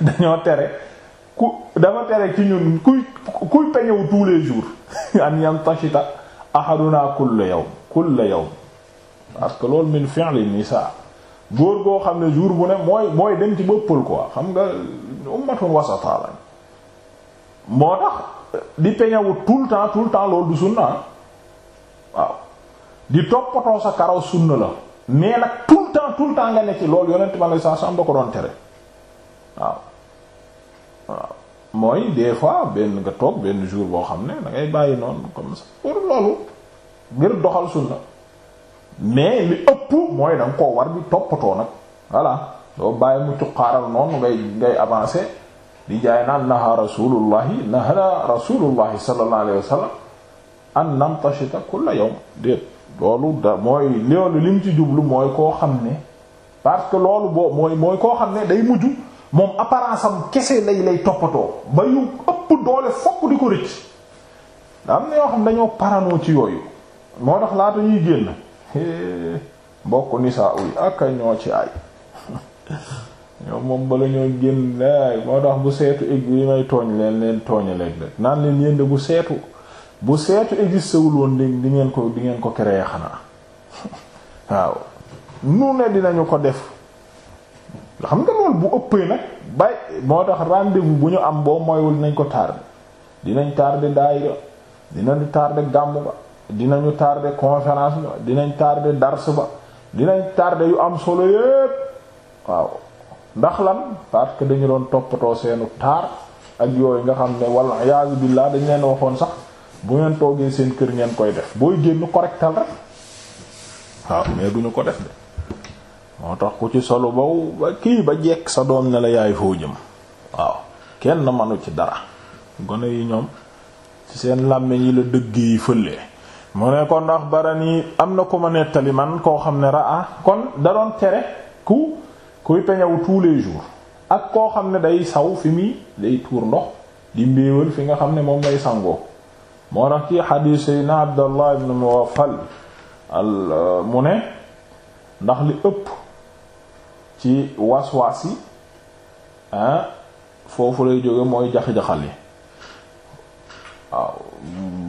dañoo tere ku dafa tere ci ñun kuy kuy tous les jours an yantashita ahaduna kulla yawm kulla yawm parce que loolu min fi'li nisa góor goo xam ne jour bu ne mooy mooy dem ci bëppal quoi xam nga ummatun wasata lañ moo tax di peñawu tout le temps tout le temps loolu du sunna ah. waaw di toppatoo sa karaw sunna la mais nag tout le temps tout le temps nga ne ci loolu yonent ma lay am da ko doon tere waaw waaw mooy des fois benn nga toog benn jour boo xam ne da ngay bàyyi noonu comme ça pour loolu ngir doxal sunna mais li ëpp mooy da nga koo war bi toppatoo nag voilà doo bàyyi mu cuqaaral noonu ngay ngay avancer di jaay naan naha rasulullahi naha rasulullahi sallallahu alayhi wasallam an namtashita kulla yawm ci jublu mooy koo xam ne parce que loolu mooy koo xam ne day mujj moom apparence am kese lay lay toppatoo ba yu ëpp doole fokk di ko rëcc am na yoo xam dañoo paranoo ci yooyu moo tax laata ñuy génn mbokk nisaa uy ak ñoo ci ay ñoom moom bala ñoo génn laay moo tax bu seetu egg yi may tooñ leen leen tooña léeg naan leen yénde bu seetu bu seetu existewul woon di di ngeen ko di ngeen ko créer xanaa waaw nu ne dinañu ko def xam nga loolu bu ëppee nag bay moo tax rendez bu ñu am boo moywul dinañ ko tardé dinañ tardé daayira dinañ tardé gàmm ba dinañu tardé conférence ba dinañ tardé dars ba dinañ tardé yu am solo yépp waaw ndax lan parce que dañu doon toppatoo seenu taar ak yooyu nga xam ne walla iyaazu billaah dañ leen waxoon sax bu ngeen toogee seen kër ngeen koy def booy génn correctal rek waaw mais duñu ko def de moo tax ku ci solo ba kii ba jekk sa doom ne yaay foo jëm waaw kenn manu ci dara gone yi ñoom ci seen làmmiñ yi la dëgg yi fëlee mu ne kon ndax nii am na ku ma nettali man koo xam ne raa kon da doon tere ku kuy peñaw tous les jours ak koo xam ne day saw fi muy day tuur ndox di mbéewal fi nga xam ne moom ngay sangoo moo tax ci xadiis sayna Abdallah ibn Muwaffal al mu ne ndax li ëpp ci was waswaas yi ah foofu lay jóge mooy jax-jaxal yi waaw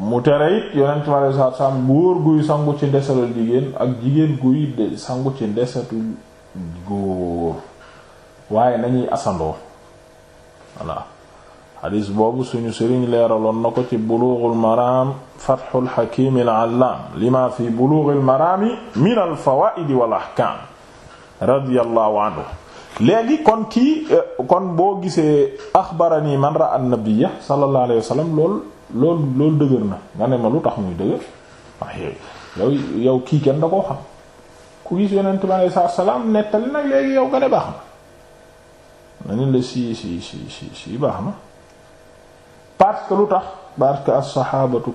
mu tere it yonent mi salaam góor guy sangu ci ndesatal jigéen ak jigéen guy sangu ci ndesatul góor waaye nañuy asandoo voilà xadis boobu suñu sëriñ leeraloon na ko ci bulughul maram fathul hakim al allam lima fi bulughil marami min al fawaid wal ahkam anhu léegi kon kii eh, kon boo gisee axbarani man ra'a an nabiyya sallallahu alayhi wa lool loolu loolu dëgër na nga ne ma lu tax muy dëgër waaw yow yow kii kenn da koo xam ku gis yonent bi alei salatua salaam nettali nag léegi yow nga ne baax na nañu la si si si si si baax na parce que lu tax parce que as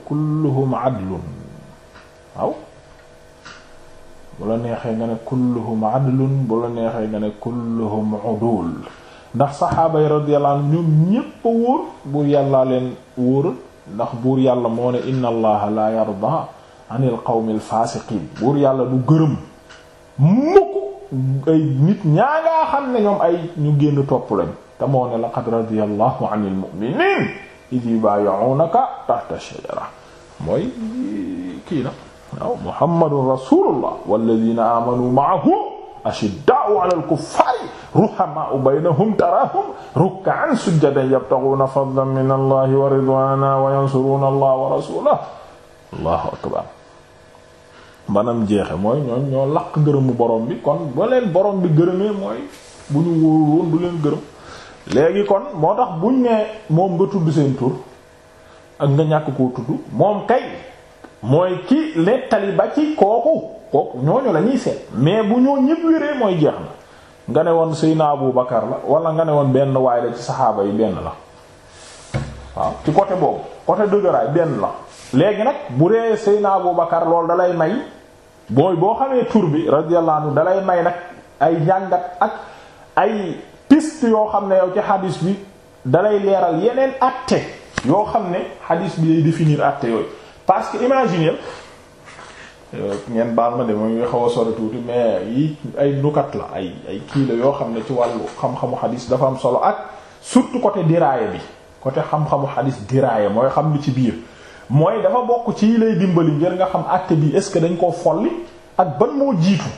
kulluhum adlun waaw bu la neexee nga ne kulluhum adlun bu la neexee nga ne kulluhum udul ndax saxaaba yi radiyallahu anhum ñoom ñépp wóor bu yàllaa leen wóoral ndax buur yàlla moo ne inna allaha la yarda anil qawmil fasiqin buur yàlla du gërëm mukk ay nit ñaa ngaa xam ne ñoom ay ñu génn topp lañ te moo ne laqad radiyallahu anil mu'minin id yubayyi'unaka tahta ash-shajara mooy kii na waaw muhammadun rasulullah walladhina amanu ma'ahu ashidda'u 'alal kuffari ruhamaa baynahum taraahum ruk'an sujjadan yabtaghuuna fadlan min allah wa ridwaana wa yansuruuna allah wa rasuulahu allahu akbar banam jeexe mooy ñooñ ñoo laq gërëmu borom bi kon ba leen borom bi gërëmee mooy bu ñu wóorul woon du leen gërëm léegi kon moo tax buñ ne moom nga tudd seen tur ak nga ñàkk koo tudd moom kay mooy ki nettali ba ci kooku kooku ñooñu la seet mais bu ñoo ñëpp wéree mooy jeex na nga ne woon Seyna Abu Bakar la wala nga ne woon benn waay la ci saxaaba yi benn la waaw ci côté boobu côté dëgëraay benn la léegi nag bu dee Seyna Abu Bakar loolu dalay may booy boo xamee tur bi radiyallahu anhu dalay may nag ay njàngat ak ay piste yoo xam ne yow ci xadis bi dalay leeral yeneen acte yoo xam ne xadis bi day définir acte yooyu parce que imaginer ngeen baal ma de mooy xaw a sori tuuti mais yi ay nukat la ay ay kii la yoo xam ne ci wàllu xam-xamu xadis dafa am solo ak surtout côté diraaya bi côté xam-xamu xadis diraaya mooy xam bi ci biir mooy dafa bokk ci lay dimbali ngir nga xam àtte bi est-ce que dañ koo folli ak ban moo jiitu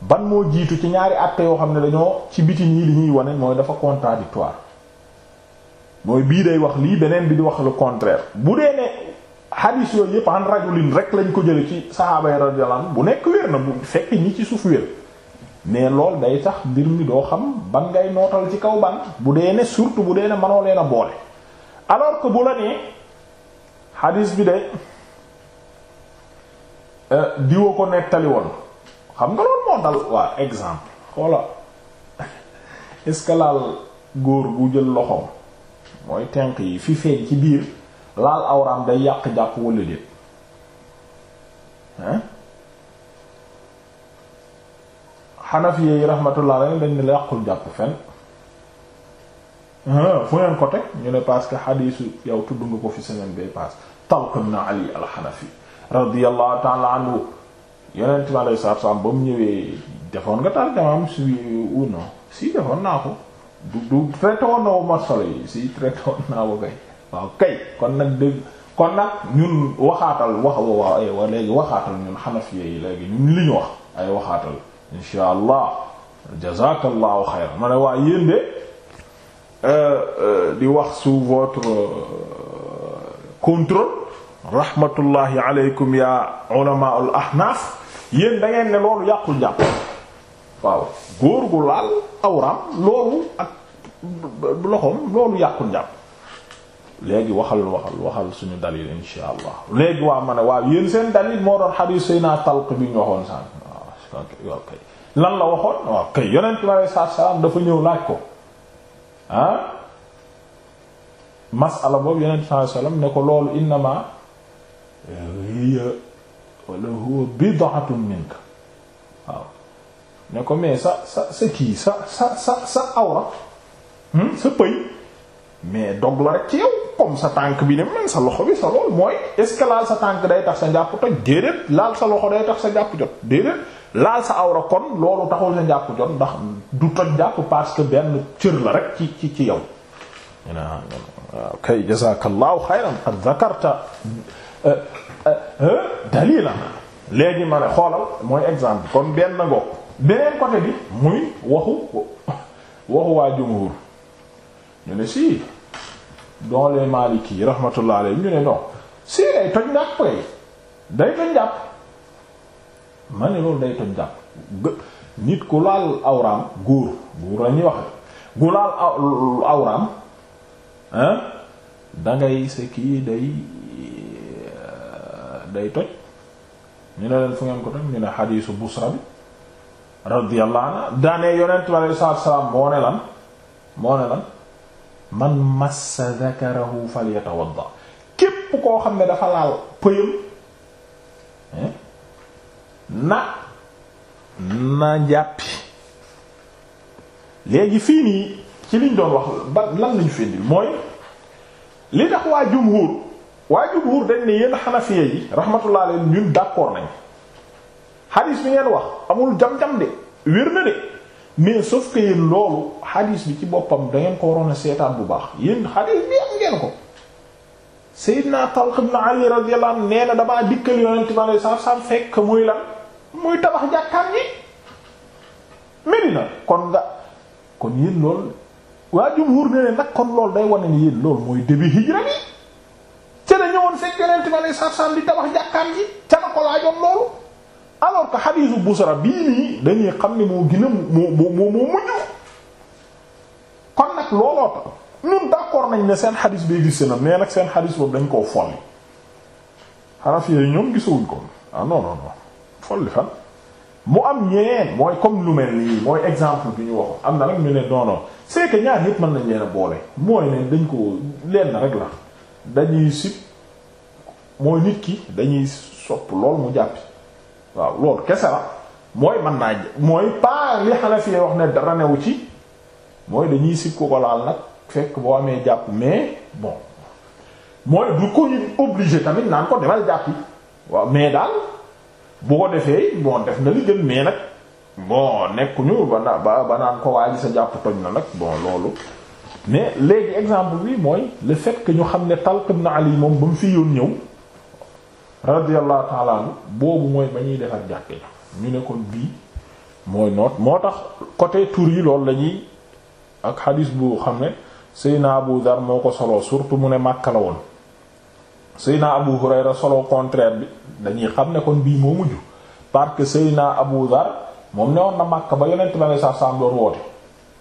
ban moo jiitu ci ñaari àtte yoo xam ne dañoo ci biti ñii li ñuy wane mooy dafa contradictoire mooy bii day wax lii beneen bi di wax le contraire bu dee ne xadiis yooyu yëpp an rajulin rek lañ ko jële ci saxaaba yi radiyallahu bu nekk wér na bu fekk ñi ci suuf wér mais lool day tax mbir mi doo xam ban ngay nootal ci kaw ban bu dee ne surtout bu dee ne manoo leen a boole alors ko bu la nee xadiis bi de euh, diwa ko nettali woon xam nga loolu moo dal waa exemple xoola est-ce que góor bu jël loxoom mooy tenq yi fi feeñ ci biir laal awraam day yàq jàpp wala déet hein xanafi yi rahmatullah alayhi dañ ne la yàqul jàpp fen fu ngeen ko teg ñu ne parce que xadiisu yow tudd nga ko fi semaine bay paas Talq ibn Ali al-Hanafi radiyallahu ta'ala anhu yonent bi alayhi salaatu salaam ba mu ñëwee defoon nga tarjamaam si ou non si defoon naa ko du du traité na wu ma yi si traité naa ko kay waaw kay kon nag dëgg kon nag ñun waxaatal wax wa aywa léegi waxaatal ñun xanafiya yi léegi ñun li ñu wax ay waxaatal insha allah jazakallahu xayran ma ne waa yéen de euh, euh, di wax sous votre euh, contrôle rahmatullahi aleykum ya ulama al yéen da ngeen ne loolu yàqul jàpp waaw góor gu laal awram loolu ak loolu yàqul jàpp léegi waxal waxal waxal suñu dalil insha allah léegi waa ma ne waaw yéen seen dalil moo doon xadiis sayna talq bi ñu waxoon sànq waaw ah, kay lan la waxoon waaw ah, kay yonent bi alei salaatu dafa ñëw laaj ko ah masala boobu yonent ne ko loolu innama hiya wala huwa bid'atun minka ko mais sa sa sa kii sa sa awra hmm, sa pëy mais dog la rek ci yow comme sa tànk bi ne man sa loxo bi sa lool mooy est-ce que laal sa tànk day tax sa njàpp toj déedéet laal sa loxo day tax sa njàpp jot déedéet laal sa awra kon loolu taxul sa njàpp jot ndax du toj njàpp parce que benn cër la rek ci ci ci yow. waaw kay jazaakallaahu xayran qad zakarta euh, euh, dalilan léegi ma ne xoolal mooy exemple kon benn gox beneen côté bi muy waxu waxu waa jumhur ñu ne sii dont les Maliki rahmatullah alayhi ñu ne non si day toj njàpp kay day toj njàpp ma ne loolu day toj njàpp nit ku laal awraam góor góor la ñuy wax ku laal awraam dangay sa kii day euh, day toj ñu ne leen fu ngeen ko toj ñu ne xadiisu Busra bi radiyallahu anha daanee yonent bi salaam moo ne lan moo ne lan man massa zakarahu falyatawadda képp koo xam ne dafa laal pëyam na na jàppi léegi fii nii ci liñ doon wax ba lan lañu findil mooy li tax waa jumhur waa jumhur dañ ne yéen xanafiya yi rahmatullah alayhim ñun d'accord nañ xadiis bi ngeen wax amul jam-jam de wér na de mais sauf que yéen loolu xadiis bi ci boppam dangeen ngeen ko waroon a seetaan bu baax yéen xadiis bi am ngeen ko Seydina Talq ibn Ali radiyallahu anhu nee na damaa dikkal yonent bi alayhi salaatu salaam fekk muy lan muy tabax jàkkaam yi Medina kon nga kon yéen lool waa jumhuur ne ne nag kon loolu day wane ni yéen loolu mooy début hijra bi ca la ñëwoon fekk yonent bi alayhi salaatu salaam di tabax jàkkaam yi ca la ko laajoon loolu alors que xadiisu Busra bii nii dañuy xam ne moo gën a moo moo moo mujj kon nag looloo tax ñun d'accord nañ ne seen xadiis bi gis na mais nag seen xadiis boobu dañ koo folli xanafiya yi ñoom gisuwuñ ko ah non non non folli fan mu am ñeneen mooy comme lu mel nii mooy exemple bi ñu waxoon am na rek ñu ne non non c'est que ñaar yépp mën nañ leen a boole mooy ne dañ ko leen rek la dañuy sib mooy nit ki dañuy sopp lool mu jàppi waaw loolu kese la mooy man naa mooy pas li xale fi wax ne dara newu ci mooy dañuy sikku ko laal nag fekk boo amee jàpp mais bon mooy du ko ñu obligé tamit naan ko demal jàpp yi waaw mais daal bu ko defee bon def na li gën mais nag bon nekkuñu ba na ba ba naan ko waa ji sa jàpp toj na nag bon loolu mais léegi exemple bi mooy le fait que ñu xam ne Talq ibn Ali moom ba mu fi yoon ñëw. radiyallahu ta'ala anhu boobu mooy ba ñuy def defar jàkke ñu ne kon bii mooy noot moo tax côté tur yi loolu la ñuy ak xadis bu xam ne Seyna Abu Dar moo ko solo surtout mu ne Makka la woon Seyna Abu Hurayra solo contraire bi dañuy xam ne kon bii moo mujj parce que Seyna Abu Dar moom ne woon na Makka ba yonent ba ne sax saam doon woote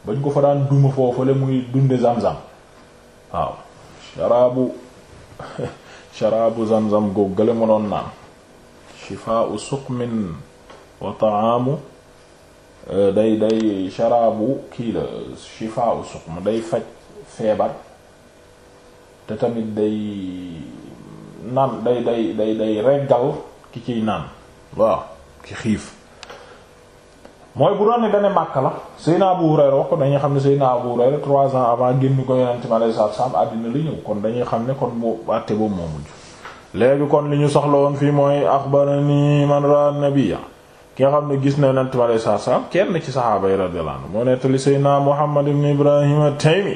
bañ ko fa daan duma foofule muy dunde Zamzam waaw sharabu sharaabu zamzam góog gële mu doon naan shifaa'u suqmin wa ta'aamu euh, day day sharaabu kii la shifaa'u suqm day faj feebar te tamit day naan day day day day reggal ki ciy naan waaw ki xiif mooy bu doon ne dane Makka la Seydina Abu Hurayra wax ko dañuy xam ne Seydina Abu Hurayra trois ans avant génn ko yonente mi alei satu salaam àddina li ñëw kon dañuy xam ne kon bu àtte boobu moo mujj léegi kon li ñu soxla woon fii mooy axbarani man ra nabiyya ki nga xam ne gis na yonente mi alei satu salaam kenn ci sahaaba yi radiyallahu moo nettali Seydina Muhammad ibn Ibrahim at-Taymi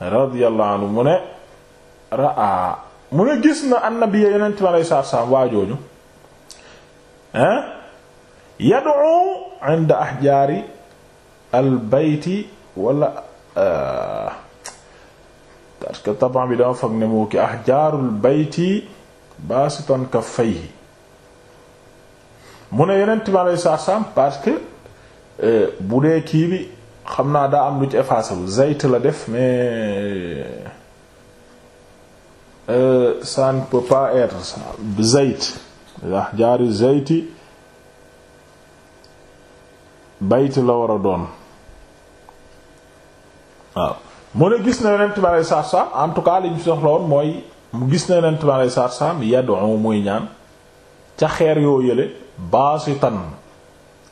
radiyallahu anhu mu ne raa mu ne gis na an nabiyya yonente mi alei satu salaam waajooju yad'u 'inda ahjaari albayti wala euh, parce que taban bi dama foog ne moo ki ahjaarul bayti baasitan kaffayhi mu ne yeneen time alay sarsam parce que euh, bu dee kii xam naa daa am lu ci effacé bu zayt la def mais san euh, ne peut pas être ça bayt la war doon mu ne gis na yonent bi aleyhi salaatu salaam en tout cas li ñu soxla woon mooy mu gis na yonent bi aleyhi salaatu salaam yad'u muy ñaan ca xeer yoo yële baasitan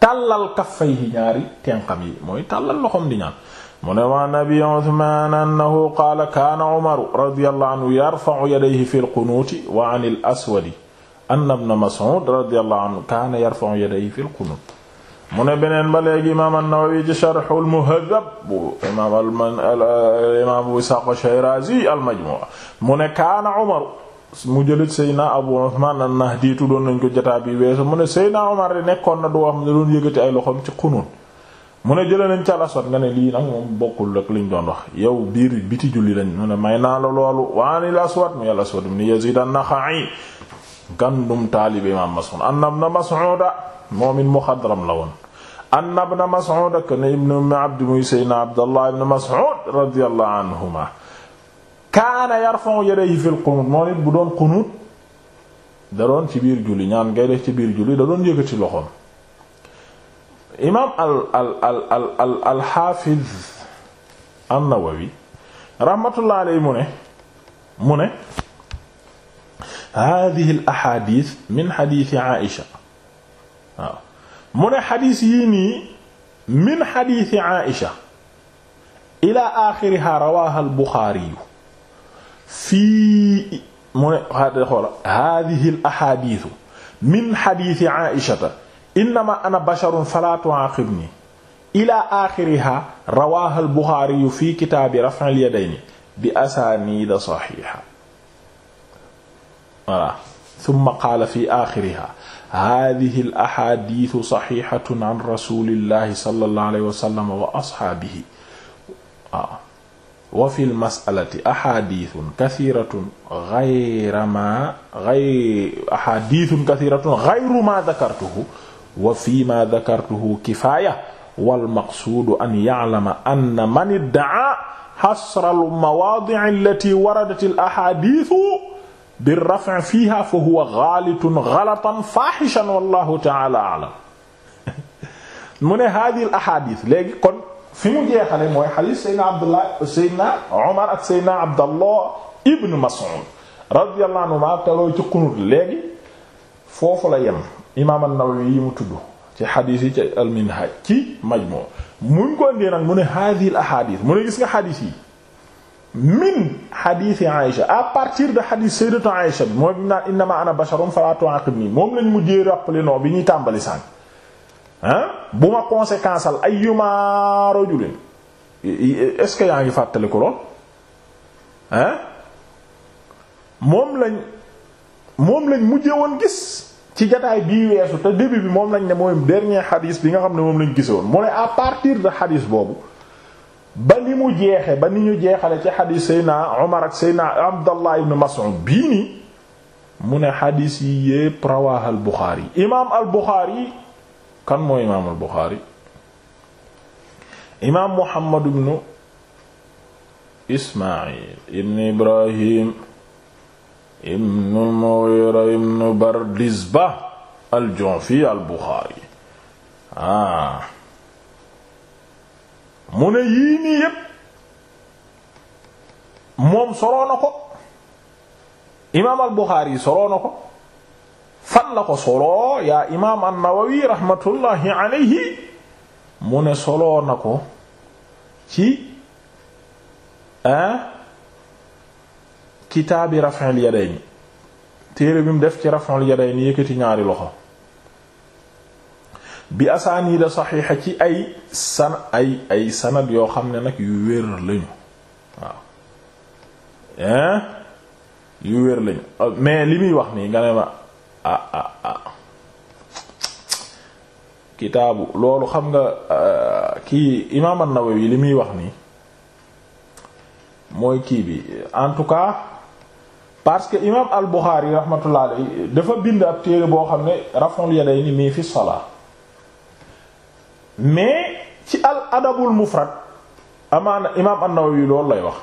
tàllal kaffayhi ñaari tenqam yi mooy tàllal loxom di ñaan mu ne wa nabi Uthman annahu qaala kaana Umaru radiyallahu anhu yarfa'u yadayhi fil qunuuti wa 'anil aswadi anna ibna Mas'ud radiyallahu kaana yarfa'u yadayhi fil qunuut mu ne beneen ba léegi imaam an-Nawawi ci Sharhul Muhazzab bu imaam al-imaam Abu Isaaq ash-Shiraazi al-Majmuu'a mu ne kaana Umar mu jëlit Seydina Abu Usmaan an-Nahdi doon nañ ko jotaa bi weesu mu ne Seydina Umar di nekkoon na du wax ne doon yëgati ay loxoom ci xunun mu ne jëlee nañ ca Al-Aswad nga ne lii nag moom bokkul rek liñ doon wax yow biir biti julli lañ mu ne may naa la loolu waani Al-Aswad mu Al-Aswad ibn Yaziid an-Naxa'i gandum taalib imaam Mas'ud anna ibn Mas'ud moom it muxadram la woon anna ibn kana ibn Abd muy Seydina Abdallah ibn Mas'ud radiyallahu anhuma kaana yarfa'u yadayhi fil qunut moom it bu doon qunut da doon ci biir julli ñaan ngay def ci biir julli da doon yëkkati loxoom imaam al al al al al al Haafiz an-Nawawi rahmatullahi alayhi mu ne mu ne hadihi l ahadith min xaditi aisha waaw mu ne xadis yii nii min xaditi aisha ila axiriha rawaha al buxaariyu fii mu ne xoola hadihi l ahadisu min xaditi aishata innama ana basharun fala tu'aqibni ila axiriha rawaha al buxaariyu fi kitaabi raf'il yadayni bi asaaniida saxiixa voilà summa qaala fi axiriha hadihi al ahaditu saxihatun an rasulillahi sallallahu alayhi wa sallam wa asxaabihi waaw wa fi l masalati ahadithun kathiratun ghayra ma ghayr ahadithun kathiratun ghayru ma dhakartuhu wa fi ma dhakartuhu kifaya wal maqsudu an ya'lama anna man idda'a hasra al mawadi' allati waradat al ahadithu bi rafin fiiha fa huwa xaalitun xalatan faaxichan wallahu taala alam mu ne hadi l ahadith léegi kon fi mu jeexale mooy xadis seydna abdullah seydna omar ak seydna abdallah ibn mas'ud radiyallahu anhu ma teloo ci qunut léegi foofu la yem imaam an-Nawawi yi mu tudd ci xadis yi ci al-Minhaj ci Majmu' mu ngi ko indee nag mu ne hadi l ahadith mu ne gis nga xadis yi min xadiisi Aïcha à partir de xadiis sayyidatu Aïcha bi mooy bi naan innama ana basharun fala tu'aqibni moom lañ mujjee rappelé non bi ñuy tàmbali sànq bu ma conséquence al ayyuma rajulin est-ce que yaa ngi fàttali ko lool moom lañ moom lañ mujjee woon gis ci jataay bii weesu te début bi moom lañ ne mooy dernier xadiis bi nga xam ne moom lañ gisoon mu ne à partir de xadiis boobu. ba mu jeexe ba ni ñu jeexale ci xadiis Seydina Umar ak Seydina Abdallah ibn Mas'ud mu ne xadiis yi yépp rawaah al Buxaari kan mooy imaam al Buxaari imaam Muhammad ibn ibn Ibrahim ibn al Mughira ibn Bardizbah al Ju'fi mu ne yii yépp moom soloo na ko imaam al Buxaari soloo na ko fan la ko soloo yaa imaam an-Nawawi rahmatullahi alayhi mu ne soloo na ko ci ah kitaabi raf'il yadayni téere bi mu def ci raf'il yadayni yëkkati ñaari loxo bi asaaniida saxiixa ci ay san ay ay sanad yoo xam ne nag yu wér lañu waaw hein yu wér lañu oh, mais li muy wax nii nga ne ma ah, ah, ah. kitaabu loolu xam nga kii imaam an yi li muy wax nii mooy kii bi en tout cas parce que imaam al-Bukhari rahmatullah alayhi dafa bind ak téere boo xam ne raf'ul yadayni mi fi salaa mais ci al adabul mufrad amaana imaam an loolu lay wax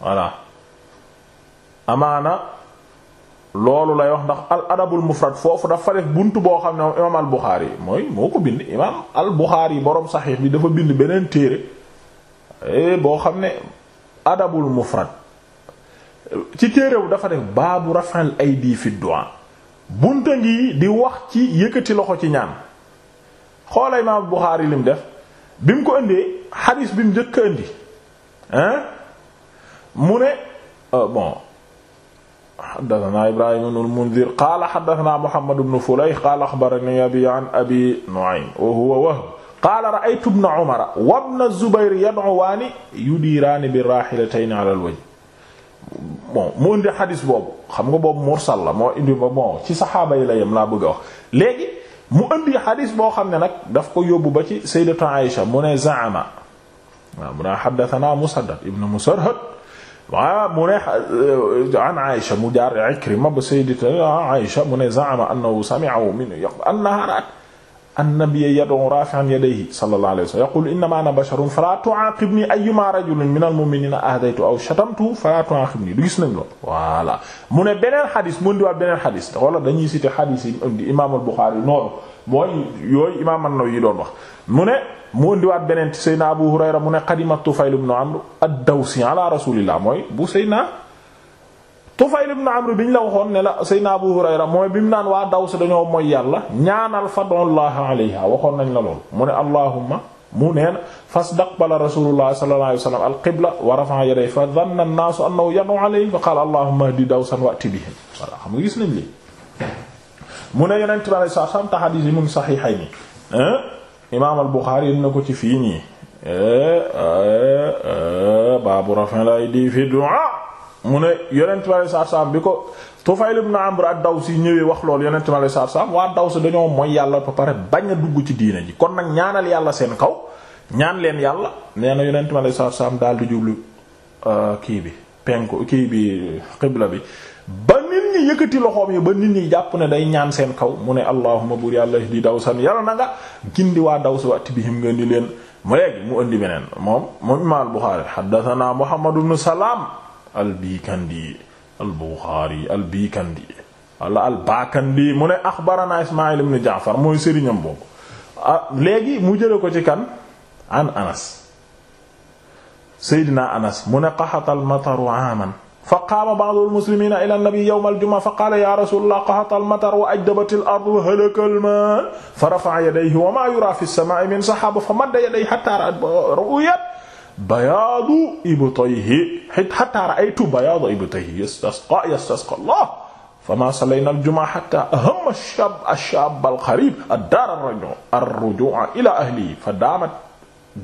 voilà amaana loolu lay wax ndax al adabul mufrad foofu dafa def bunt boo xam ne moom imaam al Buxaari mooy moo ko bind imaam al Buxaari boroom saxiix bi dafa bind beneen téere eh, boo xam ne adabul mufrad ci téerew dafa def baabu rafal ay fi du'a bunta ngi di wax ci yëkkati loxo ci ñaan xoola imaam Buxaari lim def bi mu ko indee xadiis bi mu njëkk a indi hein mu ne euh, bon xaddatanaa Ibrahim ibn al-Mundhir qaala xaddatanaa Muhammad ibn Fulayh qaala axbaranii abii an Abi Nu'aym wa huwa Wahb qaala ra'aytu ibn Umar wa ibn Zubayr yad'uwaani yudiraani biraahilatayni ala al-wajh bon mu indi xadiis boobu xam nga boobu mursal la moo indi ba bon ci saxaaba yi la yem laa bëgg a wax léegi mu indi xadis boo xam ne nag daf ko yóbbu ba ci sayyidatu Aïsha mu ne zaama waaw mu ne haddathana Musaddad ibn Musarhad waaw mu ne euh, an Aïsha mu jaar Ikrima ba sayyidatu Aïsha mu ne zaama annahu sami'a minhu annaha ra'at annabiyya yad'u rafi'an yadayhi sallallahu alayhi wa sallam yaqulu innama ana basharun fala tu'aqibni ayyuma rajulin minal mu'minina ahdaytu aw shatamtu fala tu'aqibni du gis nañ lool voilà mu ne beneen xadis mu ndiwaat beneen xadis wala dañuy citer xadis yi indi imaam al-Bukhari noonu mooy yooyu imaam an-Nawawi doon wax mu ne mu ndiwaat beneen ci Seydina Abu Hurayra mu ne qadima Tufayl ibn Amr ad-Dawsi ala rasulillah mooy bu Seydina Tufayl ibn Amr bi ñu la waxoon ne la Seydina Abu Hurayra mooy bi mu naan waa Daws dañoo mooy yàlla ñaanal fadullah alayha waxoon nañ la lool mu ne allahumma mu nee na fastaqbala rasulullah sallallahu alayhi wa sallam alqibla wa rafa'a yadayhi fa dhanna an-naasu annahu yad'u alayhim fa qaala allahumma ihdi Dawsan wa'ti bihim voilà xam nga gis nañ lii mu ne yeneen tubaab yi sax sant xadiis yi mu ngi saxiixay ni eh? imaam al-Buxaari na ko ci fii nii eh, eh, baabu rafa'il aydi fi du'aa mu ne yonent ma lay sarsam bi ko Tufayl ibn Amr ad-Dawsi ñëwee wax loolu yonent ma lay sarsam waa Dawsi dañoo mooy yàlla ba pare bañ a dugg ci diina ji kon nag ñaanal yàlla seen kaw ñaan leen yàlla nee na yonent ma lay sarsam daal di jublu euh, kii bi penku kii bi xibla bi ba nit ñi yëkkati loxoom yi ba nit ñi jàpp ne day ñaan seen kaw mu ne allahumma buur yàlla di Dawsan yàlla na nga gindi waa Dawsi bi tibihim nga ni leen mu léegi mu indi beneen moom moom albikandi albuxaari albikandi walla albakandi mu ne axbarana ismail ibn jaafar mooy sëriñam boobu ah, léegi mu jële ko ci kan an anas seydina anas mu ne qaxatal mataru aaman fa qaama ba'dul muslimiina ilaa nabi yawmal jumaa fa qaala yaa rasuulallah qaxatal matar wa ajdabatil ard wa halakal maa fa rafa'a yadayhi wa maa yuraa fi samaa'i min saxaaba fa madda yadayhi hattaa ra'at bayaadu ibtayhi hatta ra'aytu bayaada ibtayhi yastasqa yastasqa Allah fama sallayna al-jumu'a hatta ahamma ash-shaab ash-shaab al-qariib ad-daar ar-rujuu'a ilaa ahlihi fadaamat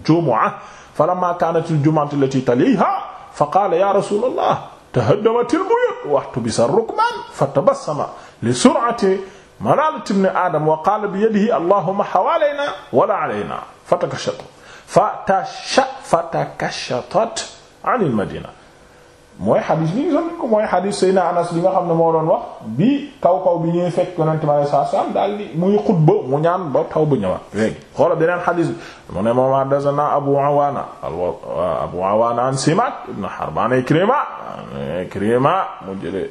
jumu'a falamma kaanat al-jumu'atu allatii taliihaa faqaala yaa rasuulallah tahaddamat al-buyuut wahtabisa ar-rukbaan fatabassama li-sur'ati malaalati ibni aadama wa qaala biyadihi allahumma hawaalanaa wa laa alaynaa fatakashata fatasha fatakashatat anil madina mooy xadis bi gisoon nañ ko mooy xadis Seydina Anas bi nga xam ne moo doon wax bi kaw kaw bi ñuy fekk yonente mi aleye sat salaam daal di muy xutba mu ñaan ba taw bu ñëwaat léegi xoola beneen xadis bi mu ne moom haddathana Abu Awaana Abu Awaana an Simaak ibn Harb an Ikrima Ikrima mu jëlee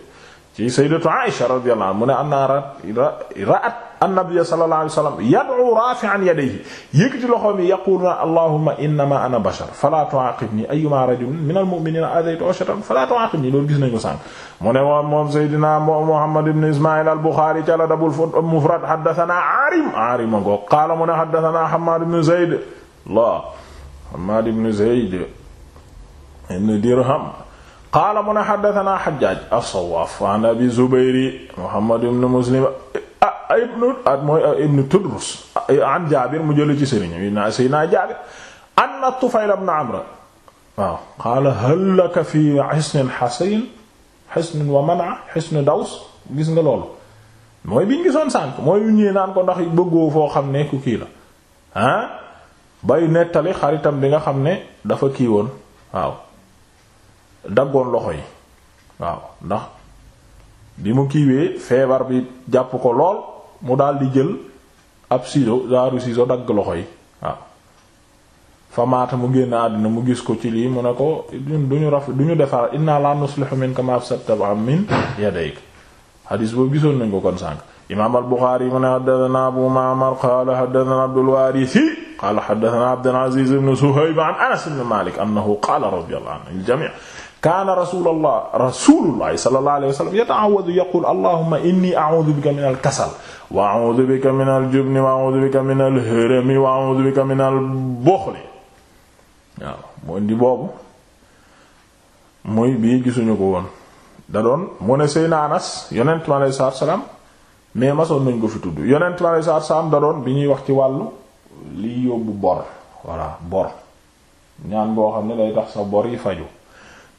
ci Sayyidatu Aisha radiyallahu anha mu ne am naa ra'at annabi sallallahu alayhi wa sallam yad'u rafi'an yadayhi yëkkati loxoom yi yaqulu na allahumma innama ana bashar fala tu'aqibni ayyuma rajulin minal mu'minina adaytu ashatan fala tu'aqibni loolu gis nañ ko sànq mu ne moom moom Seydina Muhammad ibn Ismaïl al-Bukhari ca Adabul Mufrad haddathana Arim Arim ngo qaala mu ne haddathana Hammad ibn Zayd Allah Hammad ibn Zayd ibn Dirham qaala mu ne haddathana Hajjaj as-Sawwaf an Abi Zubayr Muhammad ibn Muslim ibnu ak ibnu Tudrus an Jaabir mu jële ci sëriñ na Seydina Jaabir anna Tufayl ibn Amr waaw qaala hal fi hisnin hasin hisnin wa mana daws gis nga loolu mooy biñ gisoon sànk mooy yu ñëwee naan ko ndax bëggoo foo xam ne ku kii la ah bay nettali xaritam bi nga xam ne dafa kii woon waaw daggoon loxo yi waaw ndax bi mu kiiwee feebar bi jàpp ko lool mu daal di jël ab ciseau jaaru ciseau dagg loxo yi waaw fa maata mu génn àddina mu gis ko ci lii mu ne ko duñu raf ñu defar inna la nuslihu minka ma afsadta min yadayk xadiis boobu gisoon nañ ko kon sànq imaam al-Buxaari mu ne haddathana Abu Ma'mar qaala haddathana Abdul Waarisi qaala haddathana Abdul Aziz ibn Suhayb an Anas ibn Maalik annahu qaala radiyallahu anil jamii' kaana rasulullah rasulullah sallallahu alayhi wa sallam yata'awwadu yaqul allahumma inni a'udhu bika min al gisuñu ko woon da doon mu ne Seyna Anas masoon nañ ko fi tudd yonent mi alayhi salaatu salaam da doon bi ñuy wax ci wàllu liy yóbbu bor voilà bor ñaan boo xam ne day tax sa bor yi faju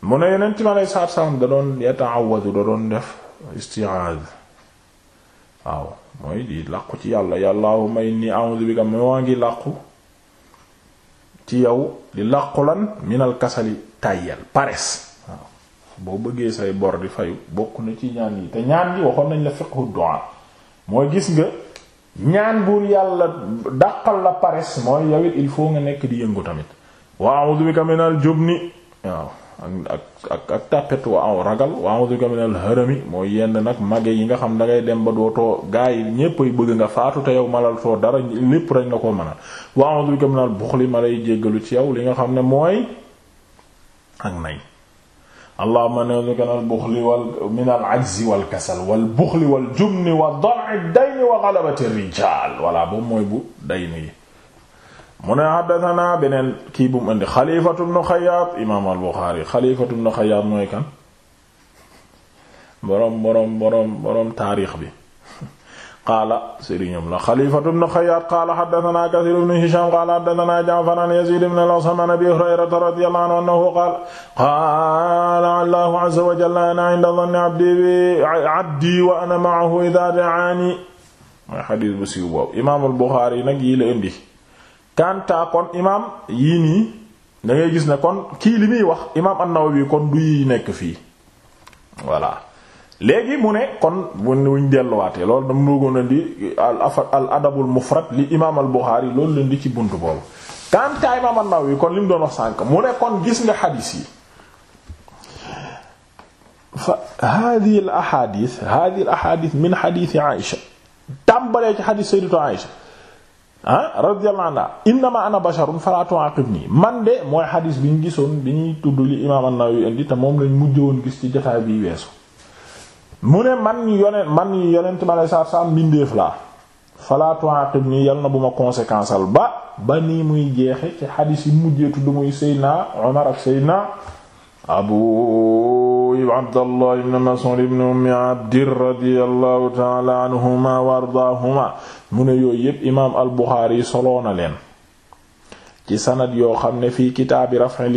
mu ne yeneen ci ma lay saar saam da doon yataawadu da doon def isti'aaz waaw mooy di làqu ci yàlla yàllaahumma inni a'uudu bika moo ngi làqu ci yow di làqu lan minal kasali tàyyel paresse boo bëggee say bor di fayu bokk na ci ñaan yi te ñaan yi nañ la fiqhu du'a mooy gis nga ñaan buur yàlla dàqal la paresse mooy yow it il faut nga nekk di yëngu tamit wa a'uudu bika minal jubni waaw ak ak ak tàppet wa ragal wa a'udhu bika minal harami mooy yenn nag mage yi nga xam da ngay dem ba dootoo gaa yi ñépp ay bëgg nga faatu te yow malal too dara lépp rek nga ko mënal wa a'udhu bika minal buxli ma lay jéggalu ci yow li nga xam ne mooy ak nay allahumma a'udhu bika minal buxli wal minal ajzi wal kasal wal buxli wal jubni wa dal'i dayni wa ghalabati rijal walla boobu mooy bu dayni mu ne haddathana beneen kii bu mu indi xalifatu bnu xayaat imaam al buxaari xalifatu bnu xayaat mooy kan boroom boroom boroom boroom taarix bi qaala sëriñam la xalifatu bnu xayaat qaala haddathana kasiir bnu hisham qaala haddathana ja'far an yaziid bnu al-asam an abi hurayrata radiyallahu anhu annahu qaala qaala allahu azza wa jalla ana inda dhanni abdi bi abdi wa ana ma'ahu idha da'aani mooy xadiis bu siiw boobu imaam al buxaari nag yi la indi kanta kon imaam yii nii da gis ne kon kii li muy wax imaam an-Nawawi kon du nekk fii voilà léegi mu ne kon wuñ delluwaatee loolu dama bëggoon a di al adabul ci bunt boobu kanta imaam an kon li mu doon wax sànk mu ne kon gis nga xadiis yi fa hadihi al ahadith hadihi min hadith Aïsha tàmbalee ci hadith sayyidatu Aïsha ah radiyallahu anha innama ana basharun fala tu'aqibni man de mooy xadis bi ñu gisoon bi ñuy tudd li imaam an indi te moom lañ mujj woon gis ci jotaay bi weesu mu ne man yonent man yonent ma lay saar saam mbindeef laa fala tu'aqibni yal na bu ma conséquence ba ba nii muy jeexe ci xadis yi mujjee tudd muy Seydina Omar ak Seydina Abu Abdallah ibn Mas'ud ibn Ummi Abd radiyallahu ta'ala anhuma wa ardaahuma mu ne yooyu yépp imaam al Buxaari yi soloo na leen ci sanad yoo xam ne fii kitaabi raf'il